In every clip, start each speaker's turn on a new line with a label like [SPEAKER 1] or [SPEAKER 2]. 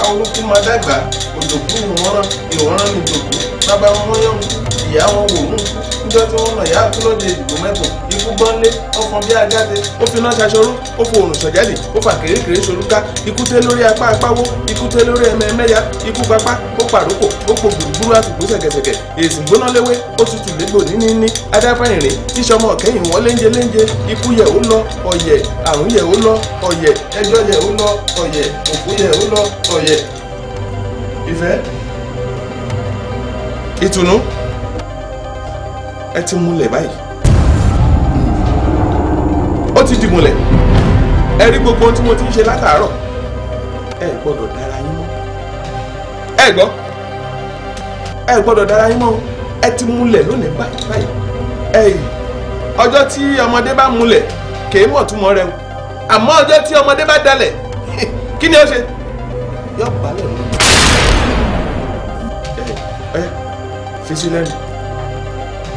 [SPEAKER 1] àwọn olókùn máa dàgbà òjòkú ìwọ̀n ìwọ̀n ìjòkú bàbá wọn yàn ìyá wọn wò mú níjọ́ tí wọ́n nà ìyá kú lóde ìdìbò
[SPEAKER 2] mẹ́kùn ikú gbọ́nlé ó fọn bí agáde ó fi náà ṣaṣọrú ó fo òrùn ṣọ̀jálì ó fà kérékèré ṣorúká ikú tẹ́ lórí apá apáwó ikú tẹ́ lórí ẹmẹ ẹmẹ́yà ikú papá ó pàrókò ó po gbùrúgbùrú àtùkú ṣẹ̀kẹ̀ṣẹ̀kẹ̀ èsì gbóná léwé ó tutù légbò níníní adáfẹ́rìnrín tíṣọmọ
[SPEAKER 1] kẹ́yìn wọ́n léńjẹ léńjẹ ikú yẹ̀ ó lọ ọ̀yẹ̀ àrùn yẹ̀ ó lọ ọ̀yẹ̀ ẹjọ́ yẹ̀ ó lọ ọ̀yẹ̀ òkú yẹ̀ ó lọ ọ̀yẹ̀ ìfẹ́
[SPEAKER 2] ìtùnú ẹ ti múlẹ̀ báyìí ó ti di múlẹ̀ ẹ rí gbogbo ohun tí mo ti ń ṣe látàárọ̀ ẹ gbọ́dọ̀ dára yín mọ́ ẹ gbọ́ ẹ gbọ́dọ̀ dára yín mọ́ ẹ ti múlẹ̀ lónìí báyìí báyìí ẹyìn ọjọ́ tí ọmọdé bá múlẹ̀ kèé mọ̀ túmọ̀ rẹ̀ o àmọ́ ọjọ́ tí ọmọdé bá dalẹ̀ kí ni ó ṣe yọ balẹ̀ lọ ẹ ẹ fi lẹ́nu.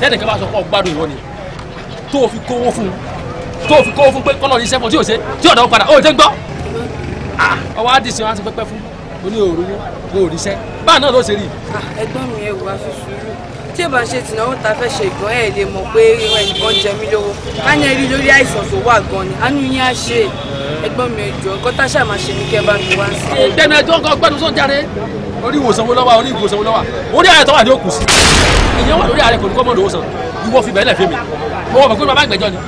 [SPEAKER 2] tẹ́nìkan bá sọ pé ọgbádùn ìwọ nìyẹn tó o fi kówó fún tó o fi kówó fún pé kọ́lọ́ ní sẹ́fọ̀ tí o ṣe tí ọ̀dọ́ padà o ò tẹ́ gbọ́ ah, ọwọ́ á di ti pẹ́pẹ́ fún oní òru ní òrìṣẹ́ báà náà ló ṣe rí. Ah, ẹ̀gbọ́n mi ẹ wà fífi tí ìbá ṣe tìnáwó ta fẹ́ ṣe ìgbọ́n ẹ̀ lè mọ̀ pé ẹnìkan jẹ mí lówó ká ní ẹrí lórí àìsàn tó wà gan ni àánú yín á ṣe ẹ̀gbọ́n mi ẹjọ́ ẹ̀kọ́ tá ṣáà máa ṣe ní kẹ́ bá mi wá sí. ìdẹ́nu ẹjọ́ kan gbẹ́nu sóun jáde orí ìwòsàn wo ló orí ìwòsàn wo ló orí àyẹ̀tọ́ wà ní òkú ìyẹn wà lórí ààrẹ kò ní kọ́ mọ́dọ̀ owó ìwọ fi bẹ̀rẹ̀ fèmí mo wọ̀ pé bàbá ìgbẹ́jọ́ ni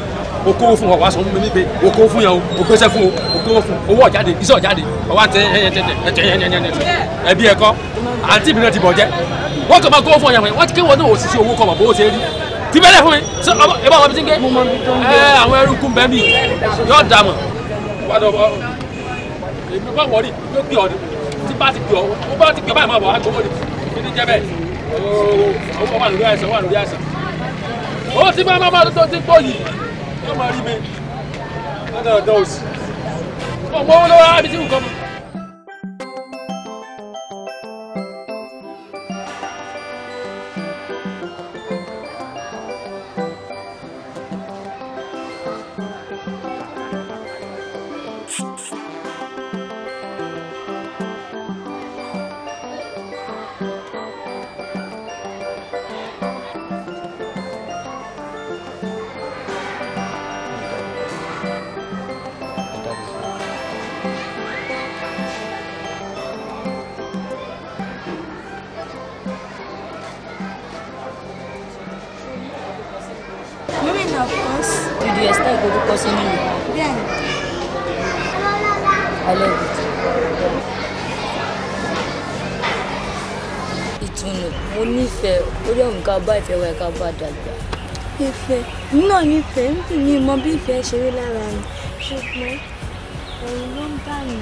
[SPEAKER 2] okòwò fún ọwọ́ aṣọ mímí pé okòwò fún yàn o okòwòsẹ́ fún o okòwò fún owó ọ̀jáde iṣẹ́ ọ̀jáde ọwọ́ àti ẹbí ó ti máa máa tó ti pọ̀ yìí yóò máa rí mi lọ́dọ̀ ọ̀dọ́ ọmọ owó lọ́wọ́
[SPEAKER 3] ìfẹ́ wa ká bá dàgbà. ìfẹ́ náà nífẹ̀ẹ́ mi mọ bí ìfẹ́ ṣe rí lára mi ṣùgbọ́n ẹ̀rù ló ń bà
[SPEAKER 4] mí.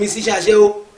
[SPEAKER 2] mi Jageu.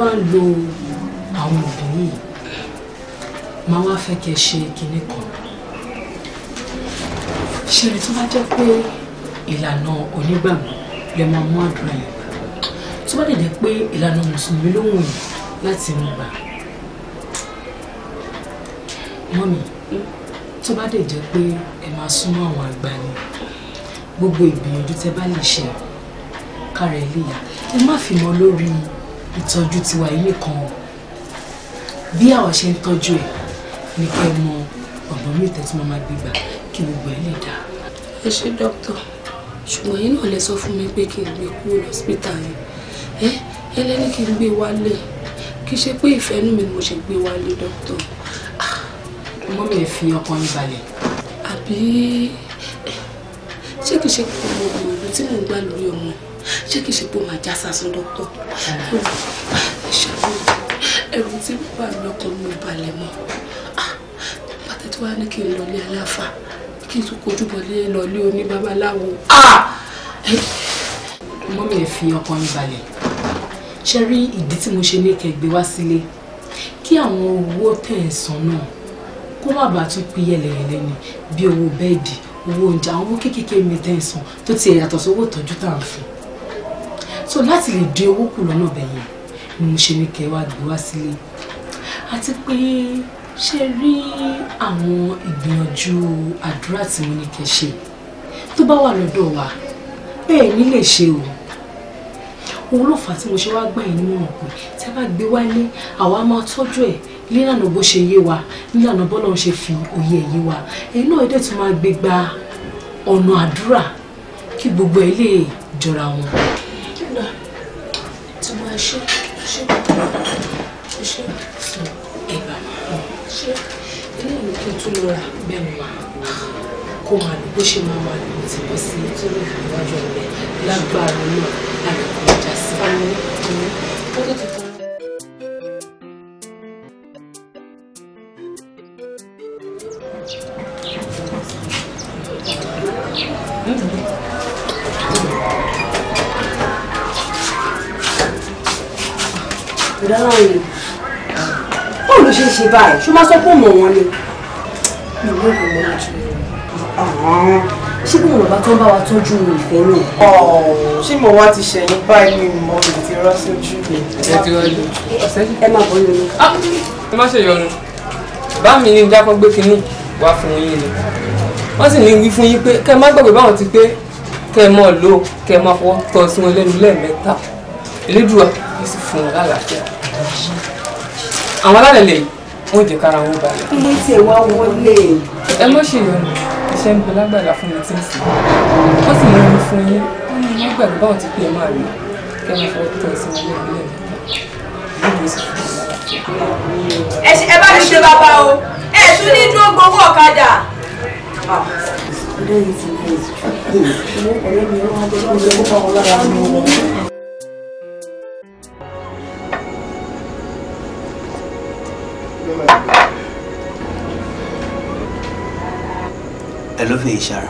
[SPEAKER 2] bá ń lo àwọn obìnrin yìí máa wá fẹ́ kẹ́ ṣe kinní kan ṣẹlẹ̀ tó bá jẹ́ pé ìlànà onígbàgbọ́ lè máa mú àdúrà yẹn gbà tó bá dẹ̀ jẹ́ pé ìlànà mùsùlùmí ló wù yín láti mú gbà mọ́mi tó bá dẹ̀ jẹ́ pé ẹ máa súnmọ́ àwọn àgbà ni gbogbo ìgbìyànjú tẹ bá lè ṣe kára ẹ léyà ẹ má fi mọ́ lórí yín ìtọ́jú tiwa yìí nìkan o bí àwa ṣe ń tọ́jú ẹ̀ ní kẹ́ mọ ọ̀dọ́ mi tẹ́ tí mo máa gbé gbà kí gbogbo ẹ̀ lè dáa. ẹ ṣe dókítà ṣùgbọ́n yín náà lè sọ fún mi pé kí n gbé kúrò lọ́sípítà yẹn ẹ ẹ lẹ́ni kí n gbé wálé kì í ṣe pé ìfẹ́ inú mi ni mo ṣe gbé wálé dókítà. ọmọ mi lè fi ọkàn yín balẹ̀. àbí ṣé kì í ṣe pé mo gbòòrò tí mò ń gbà lórí ọmọ yìí ṣé kìí ṣe pé ó máa já sásán dọ́kítọ̀ ṣàlùwẹ̀ ẹ̀rù tí wà lọ́kàn mi ò balẹ̀ mọ́ pàtẹ́ ah! tí wàá ní kí n lọlé aláfa kí n tún kojú bọlé lọlé oníbabaláwo ah! mọ́ mi lè fi ọkàn mi balẹ̀ ṣe rí ìdí tí mo ṣe ní kẹgbẹ́ wá sílé kí àwọn owó tẹ̀sán náà kó má bàa tún pín yẹlẹyẹlẹ ni bí owó bẹ́ẹ̀dì owó oúnjẹ àwọn owó kéékèèké mi tẹ̀sán tó ti ẹ̀yàtọ̀ sówó ìtọ́jú tá à ń fún so láti lè dín owó kù lọ́nà bẹ̀yẹn ni mo ṣe ní kẹ́ wá gbé wá sílé àti pé ṣe rí àwọn ìgbìyànjú àdúrà tí mo ní kẹ́ ṣe tó bá wà lọ́dọ̀ wa bẹ́ẹ̀ ni lè ṣe o òun ló fà á tí mo ṣe wá gbà yín nímọ̀ràn pé tí a bá gbé wálé àwa máa tọ́jú ẹ̀ nílànà bó ṣe yé wa nílànà bọ́lá ń ṣe fi òye ẹ̀ yé wa èyí náà ẹ̀dẹ̀ tún máa gbé gba ọ̀nà àdúrà kí gbogbo ẹ̀ lè jọra wọn. ẹ̀bà ṣé ilé ìlú kí n tún lọ rà bẹ́ẹ̀ ni mà kó máa lò bó ṣe máa máa lò ti bọ́ sí tó lè fi wájú ọ̀rẹ́ lágbára náà àrẹ̀kọ́
[SPEAKER 4] ìjà sí. ó tètè tó
[SPEAKER 2] yìí báwo ló ṣe ń ṣe báyìí ṣó máa sọ pé òmò wọn ni. mi ò lóògùn mọ́ lójú mi. ṣé bí wọn bá tó ń bá wa tọ́jú ìfẹ́ náà. ṣé mo wá ti ṣẹ̀yìn báyìí ni mo lè ti rán sójú mi. ẹ ti rán lójú. ẹ má bọ́ yọnu.
[SPEAKER 3] Ah, ẹ má ṣe yọnu bá mi ní jápọ́ gbé kinní wá fún yín ni wọ́n sì ní wí fún yín pé kẹ́ ẹ má gbàgbé báwọn ti pé kẹ́ ẹ mọ̀ lò kẹ́ ẹ má fọwọ́ tọ́ sí wọn lẹ́nu lẹ́ẹ̀mẹ́ta elédùà yìí sì fún wọn lálàáfíà àwọn alálẹ̀lẹ̀ wọ́n jẹ́ kára wọn balẹ̀. ilé tiẹ̀ wá wọlé. ẹ má ṣe yọnu iṣẹ́ ń bẹ lágbàlá fún
[SPEAKER 2] mi tí ń sìn wọ́n sì yẹnu fún yín wọ́n gbàgbé báwọn ti pè é máa rí kẹ́mi fọwọ́ tó sí wọn ní ìpínlẹ̀ ẹ bá mi ṣe bàbá o ẹ tún ní dúró gbowó ọ̀kadà. ọ̀rẹ́
[SPEAKER 4] mi ti bẹ̀rẹ̀ ọ̀rẹ́ mi ló wá dé ọ̀rẹ́ mi ló wá dé
[SPEAKER 2] ọ̀rẹ́ mi ló wá dé. ẹ ló fẹ́ ìṣara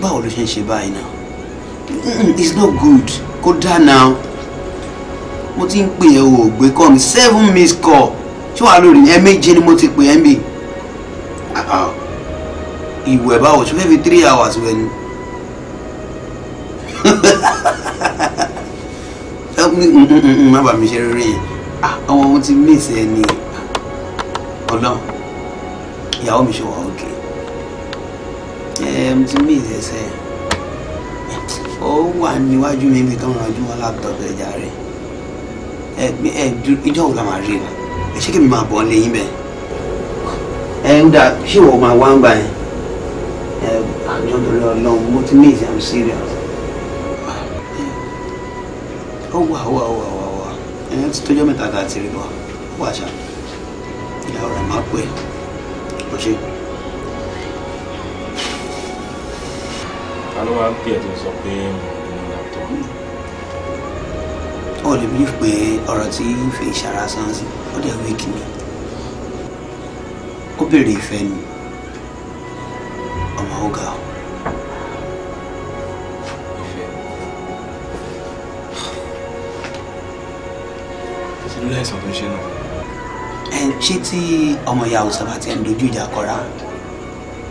[SPEAKER 2] báwo ló ṣe ń ṣe báyìí náà mm, it's not good kó dá náà mo ti ń pè ẹ́ o gbé kọ́ mi seven missed call tí wàá lórí ẹ méje ni mo ti pè ẹ́ mi ah, ah. ìwẹ̀ báwo ṣe fẹ́ fi three hours wẹ̀ ni mm, mm, má bàa mi ṣe rere yìí. Ah, àwọn ohun ti miss ẹ ní ọlọ́run ìyàwó mi ṣe wà òkè mo ti miss ẹsẹ ó wà níwájú mi bí tọ́wọ́n ojú wọn láptọ̀pù ẹja rẹ ẹ ìjọ òun la máa rí la ẹ ṣé kí mi máa bọ̀ ọ́ lẹ́yìn bẹ́ẹ̀ ẹ ń dà ṣé ìwọ máa wá ń gbà yẹn ẹ àjọ lórí ọlọ́run mo ti miss I'm serious ó wà ó wà ó wà ẹ̀yìn ti tójọ́ mẹ́ta ká ti rí wa wà ṣá ìyàwó rẹ̀ máa pẹ́ lọ ṣe. ta ló wá ń pè ẹ́ tó sọ pé mo ní sí ó dẹ̀ wí kí mi ó béèrè ìfẹ́ ni ọmọ ó ga ọ́. lórí àìsàn tó ń ṣe náà. ẹ ṣé tí ọmọ ìyá òòsà bá ti ń dojú ìjà kọra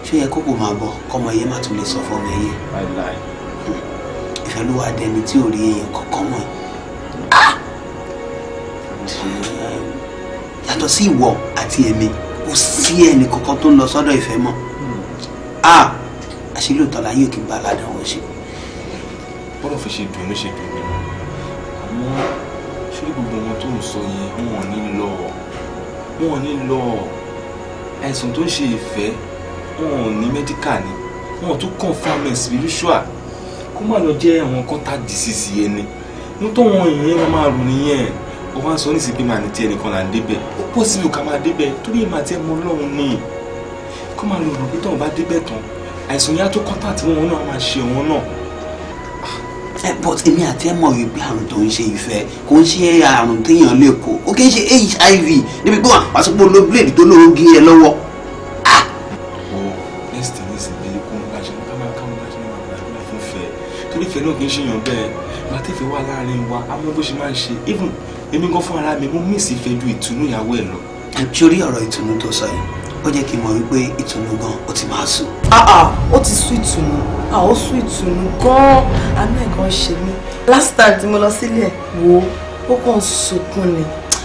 [SPEAKER 2] ṣé yẹ kó kò máa bọ kọmọ yẹn má tún lè sọ fọmọ yẹn. ìfẹ́ ló wá dẹni tí ò rí èèyàn kankan mọ̀ ah! yàtọ̀ sí ìwọ àti èmi kò sí ẹnì kankan tó ń lọ sọ́dọ̀ ìfẹ́ mọ́ ah! àṣìlóòtọ́ la yóò kí n bá aládàáwọ̀ ṣe. bọ́lá fi ṣe dùn mí ṣe dùn mí ṣé gbogbo ohun tó ń sọ yẹn wọn ò ní lọ wọn ò ní lọ ẹ̀sùn tó ń ṣe ìfẹ́ wọn ò ní medical ni wọn ò tún confam spiritual kó má lọ jẹ́ àwọn contact disease yẹn ni ní tó wọn ìyẹn máa máa rò nìyẹn ó wá ń sọ nísìsiyìí pé màá ní tí ẹnìkan là ń débẹ̀ ó pọ̀ síbi ká máa débẹ̀ torí ìmọ̀ àti ẹ̀mọ ọlọ́run ni kó máa lọ rò pé tóun bá débẹ̀ tán àìsàn yẹn á tó contact wọn náà máa ṣe wọn náà but èmi àti ẹ mọ̀ wípé àrùn tó ń ṣe ìfẹ́ kò ń ṣe àrùn téèyàn lè kó ó kì í ṣe hiv níbi pé wà sọ pé olóbìlẹ̀dì tó lóun gé ẹ lọ́wọ́. torí ìfẹ́ náà kì í ṣèyàn bẹ́ẹ̀ látìfẹ́ wà láàrin wa àmọ́ bó ṣe máa ń ṣe even èmi gan fún ara mi mo mí ìsìfẹ́ ju ìtùnú ìyàwó ẹ̀ lọ. ṣorí ọ̀rọ̀ ìtùnú tó sọ yìí ó jẹ́ kí n mọ̀ wípé ìtùnú gan ó ti máa sùn. Ah, ah, ó ti sún ìtùnú ó sún ìtùnú gan-an àánú ẹ̀ gan ṣe mí last time tí mo lọ sílé ẹ̀ wò ó kàn sunkún ni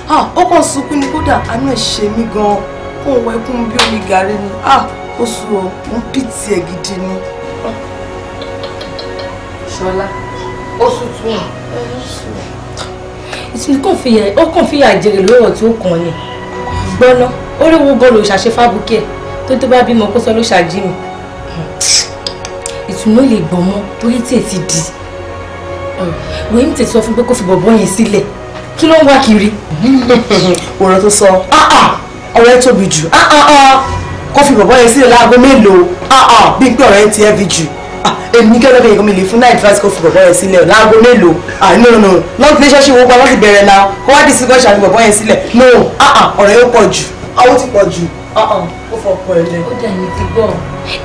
[SPEAKER 2] ah, ó kàn sunkún ni kódà àánú ẹ̀ ṣe mí gan-an kó wọ ẹkún bí omi gàrí ni ó sùn ọ mo ń pìtì ẹ̀ gidi ni. ṣọlá ó sùn tún ọ ìtìlú kàn fìyà jèrè lóòrọ̀ tí ó kàn yẹn gbọ́ná oríwo gan ló ṣàṣe fábùkì ẹ̀ tó tó bá bímọ kó sọ ló ṣàjí mi ìtùnú lè gbọ̀n mọ́ torí tí èsì di wèé mi tètè sọ fún pé kó fi bọ̀bọ̀ yẹn sílẹ̀ kí ló ń wá kiri. ọ̀rọ̀ tó sọ ah, ah, ọ̀rọ̀ ẹ tóbi jù ah, kó fi bọ̀bọ̀ yẹn sílẹ̀ láago mélòó bí pé ọ̀rọ̀ ẹ ti ẹ́ fi jù èmi ní kẹ́lọ́dọ̀ yìí kò mi lè fún náà advice kó fi bọ̀bọ̀ yẹn sílẹ̀ láago mélòó no no long relationship wo pa wọ́n ti bẹ̀rẹ̀ la kó wá di sí kọ́ṣà fi bọ̀bọ̀ yẹn sílẹ̀ no ọ̀rọ̀ yóò pọ̀ jù àwọn ah, ti pọ̀ jù uh-uh. ó fọkọ ẹ jẹ. ó dẹ̀ ní ti gbọ́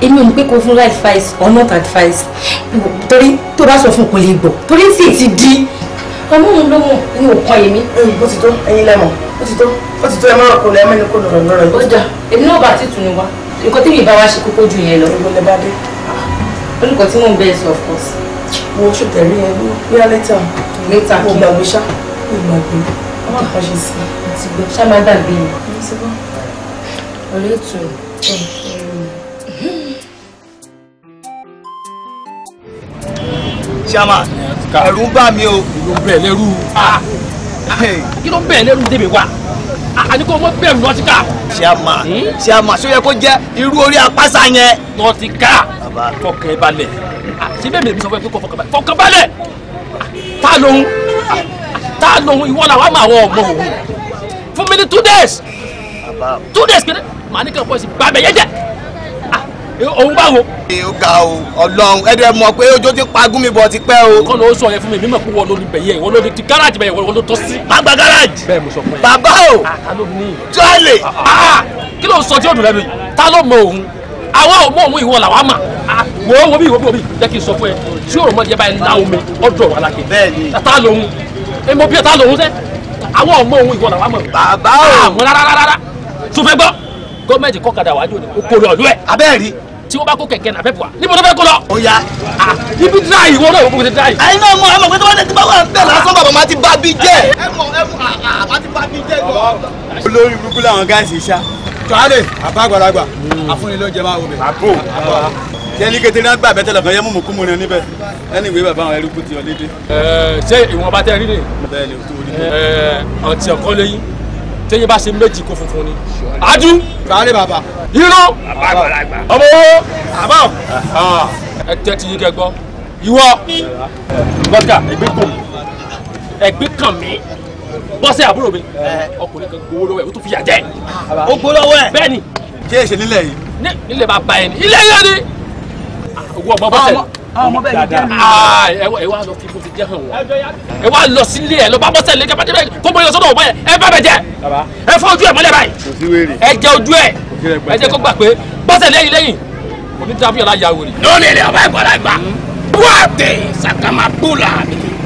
[SPEAKER 2] èmi ò ní pé kó fún life advice or not advice torí tó bá sọ fún kò lè gbọ́ torí sì ti di ọmọ òun ló mọ̀ ní òkan èmi. Mm, ó ti tó ẹyin lẹ́mọ̀ ó ti tó ó ti tó ẹ mọ́rọ̀ kó lọ ẹ mẹ́ni kó lọ̀rọ̀ lọ́rọ̀ yìí. ó dà èmi náà bá ti tù ní wa nǹkan tí mi bá wa ṣe kókó ju yẹn lọ. ìbò lè bá dé. olùkọ́ tí mò ń bẹ̀rẹ̀ sí of course. wo oṣù tẹ̀lé yẹn ló yá lẹ́tà. lẹ́tà kí ló gbàgbé ṣá ìgbàgbé. ọmọ ah. àkàṣe sí i. ṣá máa gbàgbé yẹn ti ẹ̀rù ń bà mí o. ìlú bẹ̀ lẹ́rù. Ah. kí ló ń bẹ̀ lẹ́rù débi wa ah, àní kò mọ bẹ̀rù nọtíkà. chairman hmm? chairman ṣó yẹ kó jẹ́ irú orí apáṣá yẹn. nọtíkà fọkàn balẹ̀ ah, ṣé bẹ́ẹ̀ mi sọ fún ẹ pé kò fọkàn balẹ̀ fọkàn balẹ̀ ta lóhun ta lóhun ìwọ làwọn àmọ́ àwọn ọmọ òun fún mi ní two days two days kéré màá ní kí n pọ̀ sí bàbá yẹn jẹ́ ah, òun bá wo. ó ga o Ọlọ́run ẹdẹ mọ̀ pé ojú ti pa gúnmi bọ ti pẹ́ o. kọ́ ló sọ yẹn fún mi mímọ̀ pé wọ́n ló ní bẹ̀yẹ wọ́n ló ní ti gáràjì bẹ̀yẹ wọ́n ló tọ́ sí. má gba gáràjì. bẹ́ẹ̀ mo sọ fún yẹn. bàbá o ah, jọ́lẹ̀. Ah, kí ló ń sọ tí ó dùn lẹ́nu yìí ta ló mọ òun àwa ò mọ òun ìwọ làwa mà wò ó wo bí ìwọ bí òbí jẹ́ kí n sọ fún ẹ tí òròmọ jẹ báyìí ńlá omi ọdọ wà lákè. bẹ́ẹ̀ni ta lóhun ẹ mọ bí ẹ ta lóhun sẹ àwọn ò mọ òun ìwọ làwa mọ. bàbá o àmọ́ rárá rárá tún fẹ́ gbọ́ gọ́ọ̀mẹ̀ntì kọ́kadà wájú ni kò lọ lú ẹ̀. abẹ́rẹ́ tí wọ́n bá kó kẹ̀kẹ́ nàfẹ́ bùa níbo ló fẹ́ kó lọ. ó yá ibi dráyì wọn náà yóò fún mi dráyì. ẹ̀yin náà mọ àmọ pé tí wọn ti bá wà
[SPEAKER 5] ń bẹ̀ lásán bàbá máa ti bá bí jẹ́. ẹ mọ ẹ mọ àbá ti bá bí jẹ́ gan.
[SPEAKER 2] olórí burúkú làwọn gáàsì ṣá. tọ́lẹ̀ àbá àgbàlagbà hmm. afúnilóúnjẹ máa wọ bẹ̀. àpò jẹ́ni kété náà gbà bẹ́tẹ̀ lọ́kàn yẹ́mú mùkú mu ni níbẹ̀ ẹni ìwé bàbá àwọn ẹrúkú ti ọ lédè. ṣé ìwọ̀nba tẹ́ rí ni. bẹ́ẹ̀ ni o tó rí. ọtí ọkọ lẹ́yìn tẹ́yìn bá ṣe méjì kó funfun ni adu kàárẹ̀ bàbá irú ọmọ owó àbá ah. ẹ tẹ́ ti yí kẹ gbọ́ ìwọ gbọ́dà ẹgbẹ́ kàn mí ẹgbẹ́ kàn mí bọ́sẹ̀ àbúrò mi eh. ọkùnrin kan gbowó lọ́wọ́ ẹ̀ ó tún fi yà jẹ́ ó gbowó lọ́wọ́ ẹ̀ bẹ́ẹ̀ ni ṣé èṣe nílẹ̀ yìí nílẹ̀ bàbá ẹ̀ ní ilé yẹn ni ah, owó ọgbọ́n bọ́sẹ̀ Ah, ọmọ bẹ́ẹ̀ ni jẹ́rìí. Ah, ẹ wá lọ ti jẹ́ hàn wọ́n ẹ wá lọ sílé ẹ lọ bá bọ́sẹ̀ lé kẹ́pẹ́ débẹ̀ kó bóyá sọ́dọ̀ ọ̀bọ̀ yẹn ẹ bá bẹ̀ jẹ́ ẹ fọ́ ojú ẹ̀ mọ́lẹ̀ báyìí ẹ jẹ ojú ẹ̀ ẹ jẹ́ kó gbà pé bọ́sẹ̀ lẹ́yìn lẹ́yìn kò ní tàbí ọ̀la yà wòlé. lónìí ni ọba ìgbọ́dọ̀ gbà hmm. wọ́ọ̀dì sàkàmà bùlà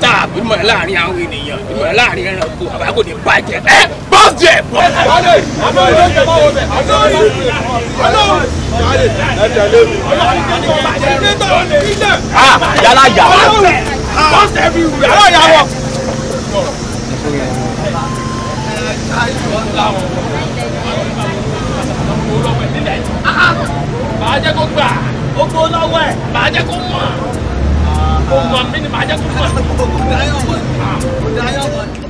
[SPEAKER 2] tá a bí mọ̀ láàrin àwọn ènìyàn bí mọ̀ láàrin ẹranko àbá kò ní bàjẹ́ ẹ bọ́ọ̀sì ẹ̀ bọ́ọ̀sì. yàrá yà bọ́ọ̀sì ẹ̀ fi wù yàrá yà wọ̀. Ah, ah. Màá jẹ́ kó gbà, ó gbó lọ́wọ́ ẹ̀, màá jẹ́ kó mọ̀. هم عاملين معاك والدعايه والدعايه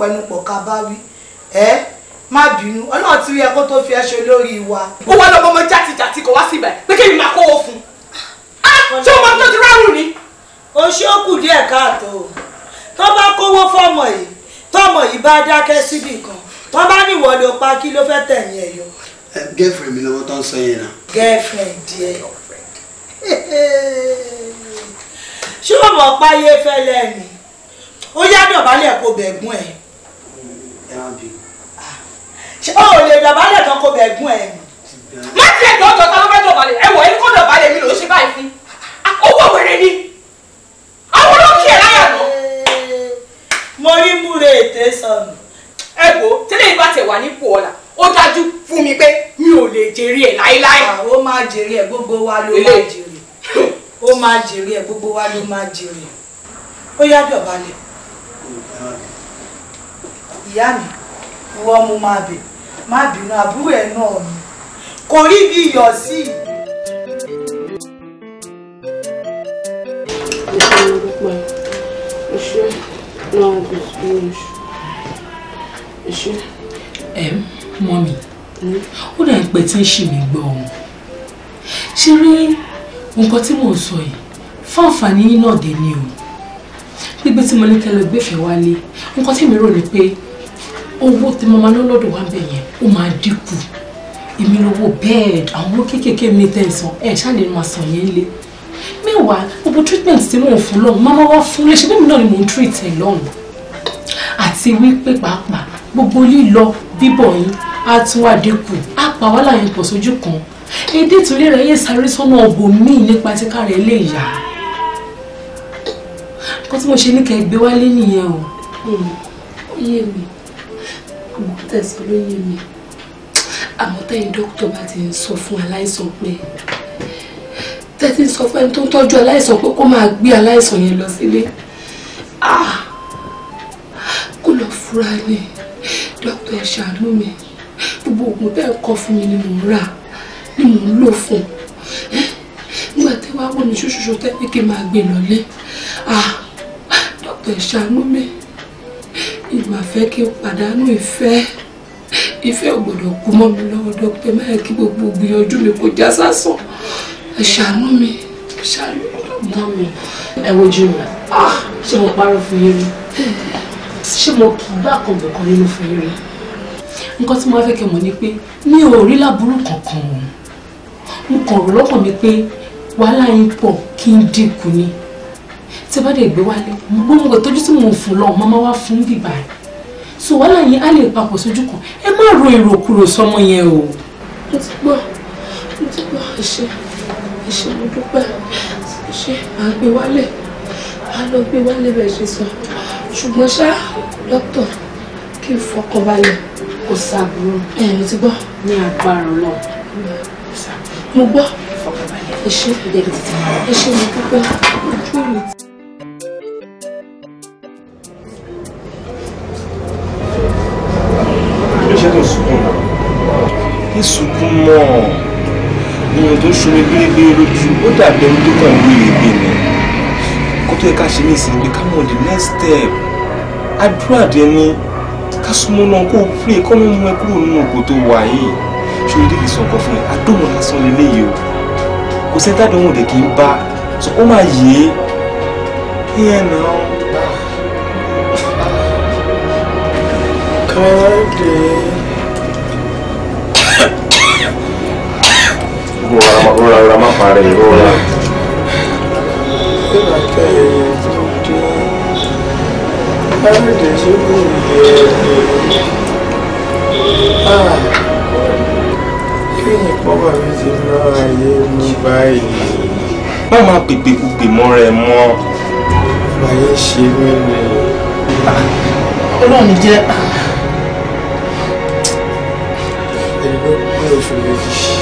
[SPEAKER 2] pẹnupọ̀ ká bá wí ẹ má bínú ọlọ́run ti rí ẹ kó tó fi ẹṣọ lórí wa. ó wá lọ́mọ ọmọ jàtijàti kò wá sí ibà pé kí n máa kó o fún un ah, ṣé o máa tó rárùn ni. o ṣé ó kù díẹ̀ káàtó tó bá kówó fọmọ yìí tọmọ yìí bá dákẹ́ síbì kan tó bá ní ìwọ ló kí ló fẹ́ tẹ̀yìn ẹ̀ girlfriend mi lọ́wọ́ tó ń sọ yẹn náà. girlfriend díẹ̀ ṣé o mọ̀ páyé fẹ́lẹ́ ni ó yá ẹran bí. ṣé o ò lè dọ̀bálẹ̀ kan kó bẹ̀ gún ẹ̀ mi. má tiẹ̀ jọ ọjọ́ ta ló fẹ́ dọ̀bálẹ̀ ẹ wọ̀ ẹni kó dọ̀bálẹ̀ mi ló ṣe báyìí fún owó wèrè ni àwọn olókè ẹ̀ láyà nù. mo rí múre ètè sọnù. ẹ wo tẹ́lẹ̀ ìgbà tẹ̀ wà nípò ọ̀la ó dájú fún mi pé mi ò lè jèrè ẹ̀ láéláé. Ah, ó máa jèrè ẹ̀ gbogbo wa ló máa jèrè ó máa jèrè ẹ̀ gbogbo wa ló máa jèrè ó yá dọ̀bálẹ̀ ìyá mi ìwọ mo máa bẹ̀ má bínú àbúrò ẹ̀ náà ni kò rí bí iyọ̀ sí i.
[SPEAKER 4] Ìṣe náà ó dà ń
[SPEAKER 2] tí ń ṣì mí gbọ́ ọ̀hún ṣe rí nǹkan tí mò ń sọ yìí fáǹfààní náà dé ni o gbígbé tí mo ní kẹlẹ gbéfẹ̀ẹ́ wálé nǹkan tí mi rò ni pé owó tí mo máa ná lọ́dọ̀ wa ń bẹ̀ yẹn ó máa dínkù èmi lówó bẹ́ẹ̀d àwọn owó kéékèèké mi tẹ̀ ń san ẹ̀ ṣáàlè máa san yẹn lé mẹ́wàá gbogbo treatment tí mò ń fún lọ́hùn máa máa wá fún léṣe bẹ́ẹ̀ mi náà ni mò ń treat ẹ̀ lọ́hùn àti wípé pàápàá gbogbo lílọ bíbọ̀ yín á tún wá dínkù á pa wàhálà yẹn pọ̀ sójú kan èdè ìtúlẹ̀ rẹ̀ yẹ sáré sọ́nà ọ̀bọ míì nípa tí ká rẹ̀ lè yá nǹkan tí mo ṣe ní kẹ́ gbé wálé nìyẹn o. ó mi tẹ̀sán ló yé mi àmọ́ tẹ́yìn dókítà bá ti ń sọ fún aláìsàn pé tẹ́tí sọ fún ẹni tó ń tọ́jú aláìsàn pé kó máa gbé aláìsàn yẹn lọ sílé ah! kó lọ fura ni dókítà ẹ ṣàánú mi gbogbo oògùn tẹ́ ẹ kọ fún mi ni mò ń rà ni mò ń lò fún nígbà tí wàá wò ní ṣoṣoṣo tẹ́ pé kí n máa gbé lọlé ah! dókítà ẹ ṣàánú mi ìmà fẹ́ kí n pàdánù ìfẹ́ ìfẹ́ ò gbọ́dọ̀ kú mọ́ mi lọ́wọ́ dọ́pẹ́ máa kí gbogbo gbìyànjú mi kò já sásán ẹ ṣàánú mi ẹ ṣàánú mi. ẹ wojú mi ah! ṣé mo parọ́ fún yín rí ṣé mo kì í bá kọ̀ọ̀kan nínú fún yín rí nǹkan tí mo fẹ́ kẹ́ mọ̀ ni pé mi ò rí láburú kankan o mo kàn rò lọ́kàn mi pé wàhálà yín pọ̀ kí n dínkù ni tí bá dẹ̀ gbé wálé gbogbo nǹkan tójú tí mò ń fún lọ màmá wá fún bíbá rẹ̀ so wàhálà yẹn á lè papọ̀ sójú kan ẹ má ro èrò kúrò sọmọ yẹn o. mo ti gbọ́ mo ti gbọ́ ìṣe ìṣe mo dúpẹ́ ìṣe à ń gbé wálé à lọ gbé wálé bẹ́ẹ̀ ṣe sọ ṣùgbọ́n ṣá dókítà kí n fọkàn balẹ̀ kò sáàbùrù ẹ mo ti gbọ́ ní agbára Ọlọ́run mo gbọ́ ìfọkànbalẹ̀ ẹ mo dúpẹ́ ojú mi ní sunkún mọ́ ìrìn tó ṣomi bíríbírí lójú ó dàbí ẹni tó kàn wí ni kó tó yẹ ká ṣe ní ìsinmi pé ká mọ̀ the next step àdúrà dé ní ká súnmọ́ náà kó o pray kọ́ mímú ẹ kúrò nínú òkú tó wà yìí ṣòro dídì sọ ọkọ fún ẹ àdóhùn lásán lélẹ́yìí o kò sẹ́ńtà àdóhùn òde kì í bá so ó máa yé é yẹn náà.
[SPEAKER 4] Come
[SPEAKER 2] rọra rọra má parẹ́ ìrora. máa pèpè pupè mọ́ rẹ̀ mọ́. báyé ṣe mí rẹ̀. ọlọ́run jẹ́.
[SPEAKER 4] ẹ̀rọ pé oṣù méjì.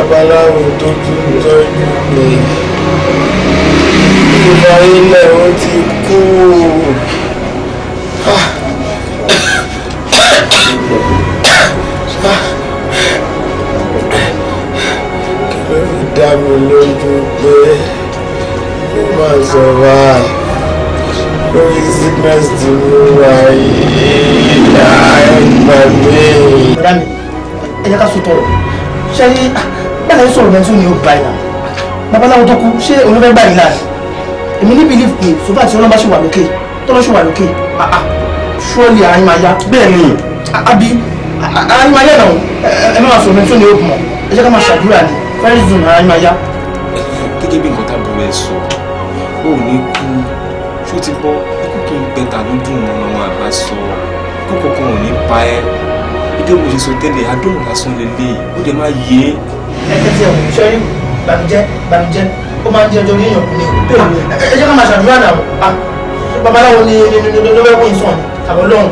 [SPEAKER 1] Babaláwo tó tún tọ́jú mi. Ìgbà ilẹ̀ ó ti kú. Kí ló dá mi lójú pé ó máa sọ̀rọ̀ àná? every sickness to àyíká ẹgbàgbé. ọ̀dà mi
[SPEAKER 2] ẹ jẹ́ ká sọ tọrọ ṣé bẹ́ẹ̀ ni sọ̀rọ̀ bẹ́ẹ̀ tún ni ó bá yà babaláwo tó kú ṣé olóbẹ́ gbà yín náà èmi ní believe pé sọ́fà tí ọlọ́ba ṣì wà lókè tọ́lọ́ ṣì wà lókè surely àyìn máa yá. bẹ́ẹ̀ ni àbí àyìn máa yá náà ẹ má sọ̀rọ̀ bẹ́ẹ̀ tún ni ó mọ̀ ẹ jẹ́ ká máa ṣàdúrà ni very soon àyìn máa yá. gẹ́gẹ́ bí nǹkan tábìlì ẹ sọ ó ní kú ṣó ti bọ́ ikú tó ń gbẹ̀ta lójú ọ̀nà wọn àgbà sọ ikú kankan ò ní pa ẹ́ ìdí òun ṣe sọ tẹ́lẹ̀ adóhùn lásán lélẹ̀ ó dẹ̀ máa yé. ẹ jẹ́ ti ẹ̀wọ̀n ìṣẹ́ yìí bàmíjẹ́ bàmíjẹ́ ó máa ń jẹ́ ọjọ́ oníyàn kú ni ẹ jẹ́ ká máa ṣàdúrà náà babaláwo ni lọ́wọ́ ẹ̀kún ìsàn àbọ̀ lọ́hùn.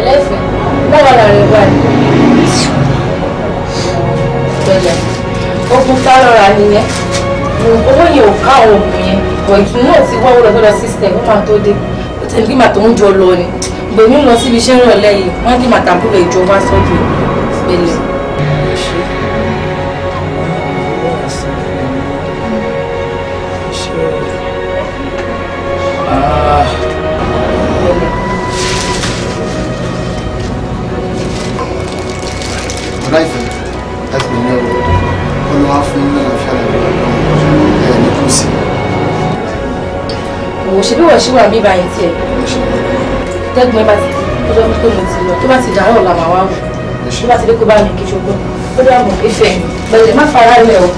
[SPEAKER 2] ẹlẹ́fẹ̀ẹ́ báwa làrẹ̀ wáyé. ogun tálọ́ra nìyẹn owó yẹn ò ká àwọn oògùn yẹn bọ̀ ìtùnú náà ti wá wúlọ̀ sọ́dọ̀ system ó máa tó dé ó tẹ̀lé kí màtó ń jọ lọ ni gbèmí lọ síbi iṣẹ́ ìrọ̀lẹ́ yìí wọ́n ní màtàbúrò ìjọba sọ́dọ̀ pẹ̀lẹ́.
[SPEAKER 4] Ah.
[SPEAKER 1] máa fún ní ìfẹ́lẹ̀ ẹ̀ ní kò sí.
[SPEAKER 2] òwò ṣe bí wọ́n ṣe wà bí ìbáyìí tiẹ̀ tẹ́gbọ́n bá ti kó jọ́ pé mo ti lọ tó bá ti dàárọ̀ làwọn wá wò tó bá ti dé kó bá mi kí ṣogbó ó dá mọ̀ ìfẹ́ lọ́lẹ̀ má fara rẹ̀ o.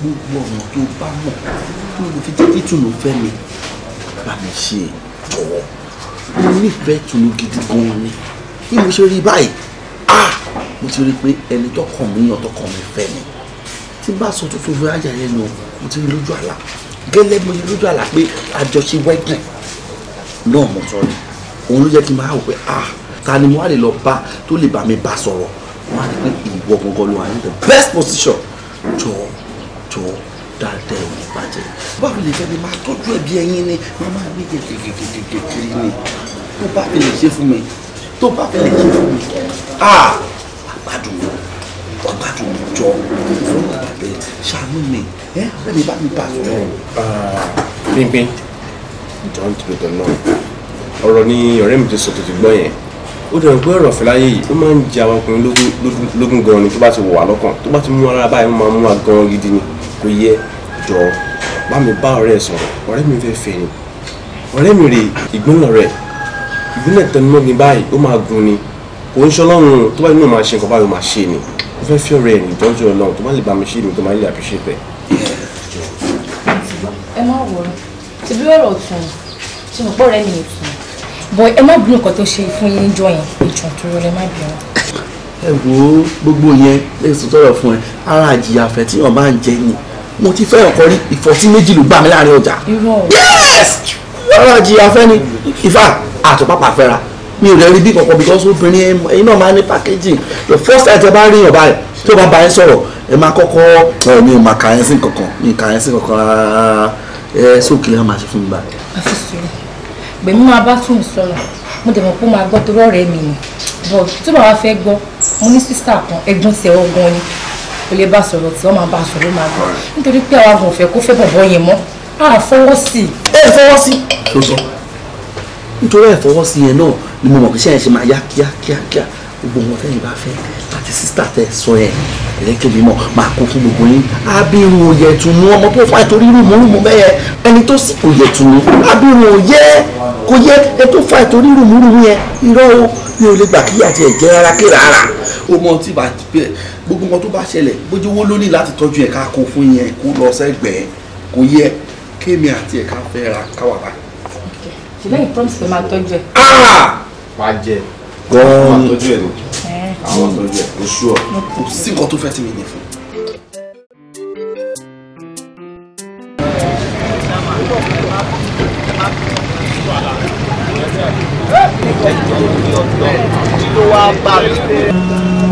[SPEAKER 2] gbogbo ọ̀nà tó bá mọ̀ mo fi jẹ́ kí Tùnú fẹ́ mi bá mi ṣe jọ̀wọ́ mo nífẹ̀ẹ́ Tùnú gidi gan-an ni bí mo ṣe rí báyìí ah mo ti rí i pé ẹni tó kàn mí yàn tó kàn mí fẹ́ mi tí bá sọ tó fún Fúnrájà yẹn lọ mo ti rí lójú àlá gẹ́lẹ́ mo rí lójú àlá pé àjọṣe wẹ́gìn náà mo sọ ni òun ló jẹ́ kí n máa wò pé ah ta ni mo wá lè lọ bá tó lè bá mi bá sọ̀rọ̀ wọ́n á rí pé ìwọ gangan ló wà ní the best position jọ jọ dáadáa jẹ́ báwo lè fẹ́ mi máa tọ́jú ẹbí ẹyin ni máa máa gbé gègègègègè kiri ni tó bá fi lè ṣe fún mi tó bá fi lè ah àgbàdùn àgbàdùn jọ fún àgbàbẹ ṣàánú mi ẹ bẹ́ẹ̀ ni bá mi bá jọ. pínpín john tìbẹ̀tọ̀ náà ọ̀rọ̀ ni ọ̀rẹ́ mi ti sọ tètè gbọ́ yẹn ó dẹ̀ pé ọ̀rọ̀ fìláyé yìí ó máa ń jẹ àwọn ọkùnrin lógún gan ni tó bá ti wọ̀ wá lọ́kàn tó bá ti mú ara báyìí ó máa mú wa gan gidi ni bá mi bá ọ̀rẹ́ ẹ sọ̀rọ̀ ọ̀rẹ́ mi fẹ́ fẹ́ ni ọ̀rẹ́ mi rè ìgbóná rẹ̀ ìgbóná tẹnumọ́ mi báyìí ó máa gun ni kò ń ṣọlọ́run tó bá inú máa ṣe nǹkan báyìí ó máa ṣe ni mo fẹ́ fẹ́ ọ̀rẹ́ ẹ̀ ní ìjọ́jú ọlọ́run tó bá lè bá mi ṣe
[SPEAKER 1] mi tó máa lè àfiṣe bẹ̀.
[SPEAKER 2] ẹ má wọrọ ti bí ọ̀rọ̀ ọ̀tún ṣe mọ̀ pọ̀ rẹ́ mi nìkan bọ̀ ẹ má bínú nǹkan tó ṣe fún yín níjọ́ yẹn ìjọ tó rọrẹ má bínú ẹ wo gbogbo yẹn lè sọ tọrọ fún ẹ ara àjìyàfẹ tí wọn bá ń jẹ ni mo ti fẹ́ ọkọ rí ìfọ̀sí méjì ló gbà mí láàrin ọjà. yes ọ̀rọ̀ jìyà fẹ́ni ìfà àtúpàpà fẹ́ra mi ò rẹ̀ rí bí kankan because obìnrin ẹ̀yin náà máa ní packaging the first time tẹ bá rí ìyànba rẹ̀ tí ó bá ba ẹ sọ̀rọ̀ ẹ máa kọ́kọ́ ẹ mi ò máa kà ẹ́ sí kankan mi kà ẹ́ sí kankan rárá ẹ sókè lẹ́yìn máa ṣe fún mi bá. gbèmí máa bá tún sọ̀rọ̀ mo dẹ̀ mọ̀ pé máa gbọ́ torọ́ rẹ̀ mi ni but tí bàbá fẹ́ gbọ́ mo ní sísà kan ẹ̀gbọ́n tiẹ̀ ọgbọ́n ni kò lè bá sọ̀rọ̀ tí wọ́n máa bá sọ̀rọ̀ máa gbọ́ nítorí pé àwọn àgùn fẹ́ kó fẹ́ bọ̀bọ̀ yẹn mọ́ a fọwọ́ sí i. ẹ fọwọ́ sí i. tó sọ nítorí ẹ fọwọ́ sí yẹn náà ni mo mọ̀ pé ṣe é ṣe máa yá kíákíá gbogbo wọn fẹ́yìn bá fẹ́ àti sísítà tẹ sọ yẹn àrẹ́kẹ́ mi mọ̀ máa kó fún gbogbo yín abirùn òye tún ọmọ tó fà torí rúmù rúmù bẹ́yẹ ẹni tó sì kò yẹ tún mú abirùn kò yẹ ẹni tó fà torí rúmù rúmù yẹn irọ́ o mi ò lè gbà kíyà tiẹ̀ jẹ́ rárá kí rárá o mọ tí bá gbogbo nǹkan tó bá ṣẹlẹ̀ bójú owó lónìí láti tọ́jú ẹ̀ ká kó fún yẹn kó lọ sẹ́gbẹ̀ẹ́ kò yẹ kémi àti ẹ̀ka fẹ́ ra káwà báyìí. ṣùgbọ́n ìtọ́jú ẹ̀ máa tọ́jú ẹ̀. wàá ah! jẹ gan-an àwọn tọ́jú ẹ̀ oṣù ọ̀ kò sí nǹkan tó fẹ́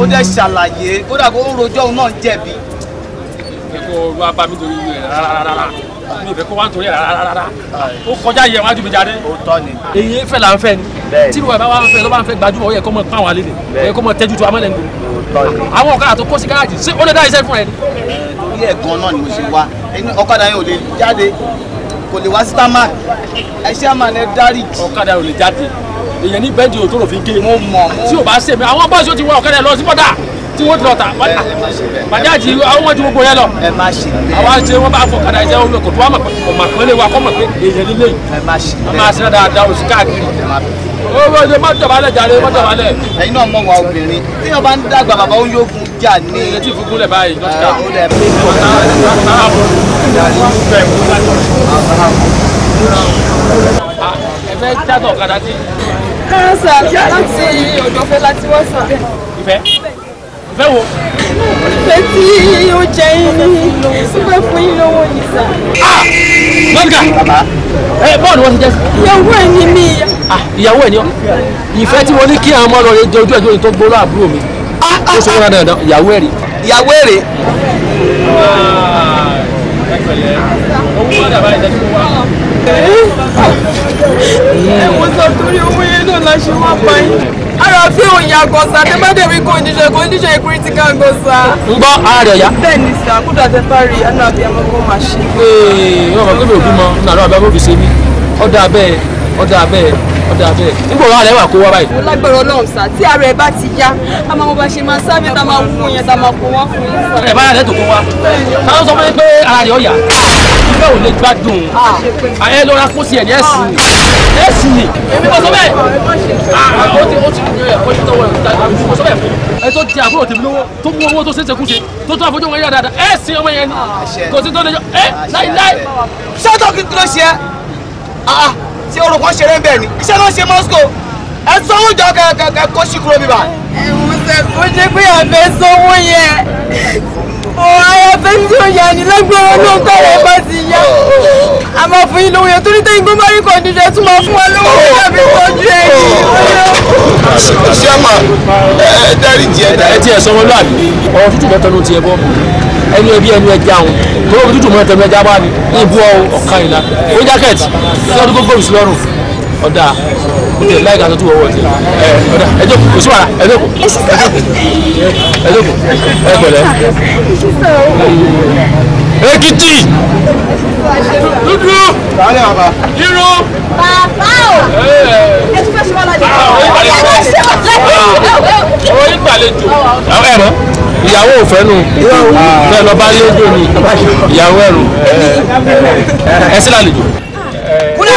[SPEAKER 2] ó dẹ̀ ṣàlàyé kódà kó rojọ́ náà jẹ̀bi. ẹ kó wá bá mi torí rẹ̀ rárá rárá mi ìfẹ́ kó wá nítorí rárá rárá ó kọjá yẹ wájú mi jáde. ó tọ́ ni. èyí fẹ́ là ń fẹ́ ni tí ìwà bá wà ń fẹ́ ló bá ń fẹ́ gbajúmọ̀ ó yẹ kó mọ̀ pàwọn alẹ́ ni o yẹ kó mọ̀ tẹ́jú tó amọ́lẹ̀ ni. àwọn ọ̀kadà tó kó sí gáràjì ṣé ó lè dá iṣẹ́ fún ẹ ni. torí ẹ̀ gan náà ni mo ṣe wá ọ̀kadà yẹn ò lè jáde kò lè wá sí tamak ẹṣẹ́ àmàlà ẹ̀ dárí. ọ̀kadà ò lè jáde èèyàn ní bẹ́ẹ̀dì kú wọ́n ti lọ tà
[SPEAKER 4] bàjáàjì àwọn ti gbogbo yẹn lọ
[SPEAKER 2] àwọn àti wọn bá fọkàdà jẹ omi kò tó wà mọ̀ pé lè wa kọ́ mọ̀ pé èyàn nílé yìí
[SPEAKER 5] a máa sinmi dáadáa
[SPEAKER 2] oṣù káàkiri owó ọjọ́ má dọ̀bálẹ̀ jàre má dọ̀bálẹ̀. ẹ̀yin náà mọ̀ wá obìnrin bí wọn bá ń dàgbà bàbá ó yóò fún jà ní. ẹ ti fi gúnlẹ̀ báyìí lọ́sítà. ó lẹ̀ pé kadà sí. káńsà láti ọjọ́ fẹ́ láti wọ́n sàn fẹ́ wo. Fẹ́tí ó jẹ yín ní ó fún yín lówó ní ẹ bọ́ọ̀ ni ah! eh, ti jẹ́ sí. Ìyàwó ẹ̀ ni mí. Ah, ìyàwó ẹ̀ ni ọ́. Ìfẹ́ tí mo ní kí àwọn ọmọ jẹ ojú ẹ̀jọ́ tó gbóló àbúrò mi. Ah, ó ṣe wọ́n dandan ìyàwó ẹ̀ rè. Ìyàwó ẹ̀ rè. Ẹ wo sọ torí owó yẹn náà la ṣe wá pa yín. I feel
[SPEAKER 5] ìyá kan sá tẹ́ bá dẹ̀ rí condition condition critical gan sá. ń gbọ́ ara rẹ̀ yá.
[SPEAKER 2] bẹ́ẹ̀ ni sá kúndà tẹ bá rí máa ṣe. ee ọmọ kébè òbí mọ nàró àbí ọmọ òbí ṣe mí ọ̀dà bẹ́ẹ̀ ọ̀dà bẹ́ẹ̀ ọ̀dà bẹ́ẹ̀ nígbà wà kó wá báyìí. mo lágbára ọlọ́run sá tí ara ẹ bá ti yá a máa mọ bá ṣe máa sáré tá a máa mú yẹn tá a máa kó wá fún yín. ẹ bá yàrá ètò kó wá ta ló sọ fún mi pé ara rẹ ọ̀yà ìgbà ò lè gbádùn ayé ah. ló kó sí ẹ̀ ní ẹ̀sìn ẹ̀sìn ni èmi kò sọ bẹ́ẹ̀ ah, ah, ó ti ó ti ní ẹ̀kọ́ yìí tọ́wọ́ ẹ̀ kò sọ bẹ́ẹ̀ ẹ tó ti àbúrò tèmi lówó tó mú owó tó ṣeéṣe kúṣe tó tó àfojúwọn rò kán ṣeré bẹ́ẹ̀ ni iṣẹ́ náà ṣe moscow ẹ sanwó jọ kẹkẹ kó ṣí kúrò bíbá. ẹ̀wọ̀n sẹ́kọ̀ọ́ ṣe pé àbẹ̀ sanwó yẹn ọ̀rọ̀ pé tí ó yà ní lágbára náà kọ́wọ́ bá ti yá a máa fún yín lówó yẹn torí tẹ́yìn gbọ́n bá rí kọ̀ǹdíṣẹ́ tún máa fún wa lówó yẹn àbí tọ́jú ẹ̀yìn. sẹ́mà ẹ dárí tiẹ̀ ẹ tiẹ̀ sọ́wọ́n lọ́àbí ọ̀rọ̀ tútù bẹ́ẹ̀ tọ́nu tiẹ̀ bọ́ ẹnu ẹbí ẹnu ẹja òun tó lóbi tútù mọ́ ẹ tẹ̀mẹ́jà bá ní ìbú ọ̀kan ìlà ó jákẹ́ẹ̀tì lọ́dún gbogbo ìsúlọ́rùn ọ̀dà mo tẹ láì gàtọ́ tó wọ́wọ́ ti ọ̀dà ẹ kò sí wàrà ẹ jókòó ẹ jókòó ẹ pẹ̀lẹ́.
[SPEAKER 1] Èkìtì dúdú irú. bàbá o ẹ tún fẹ́ ṣe wọ́n lọ́jà. ọ̀rọ̀ ìgbàlejò. ẹ mọ̀ ìyàwó ò bẹ́ẹ̀ lọ bá lẹ́jọ́ ni ìyàwó ẹ̀rù ẹ sí lálejò.
[SPEAKER 4] kúlẹ̀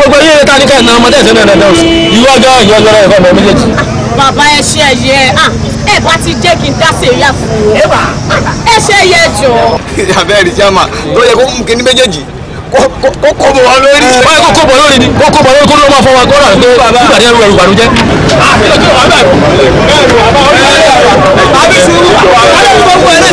[SPEAKER 2] gbogbo yín yẹn ta ní kẹ́hìn náà ọmọdé ẹ̀sẹ̀ náà dáadáa oṣù ìwọ gan ìyọ lọ́rọ̀ ẹ̀fọ́ ọmọ méjèèjì. bàbá ẹ ṣe ẹyẹ ẹ bá ti jẹ́ kí n dá sèrí àfọwọ́ ẹ ṣe ẹyẹ jọ. àbẹ́rẹ́ ìjàmà tó yẹ kó mú kíní méjèèjì kó lórí. ni kó lórí kó ló máa fọwọ́ kó rà pé nígbà ẹrù ẹrù bàlújẹ́.
[SPEAKER 4] àbí sùúrù àbí
[SPEAKER 5] gbogbo ẹni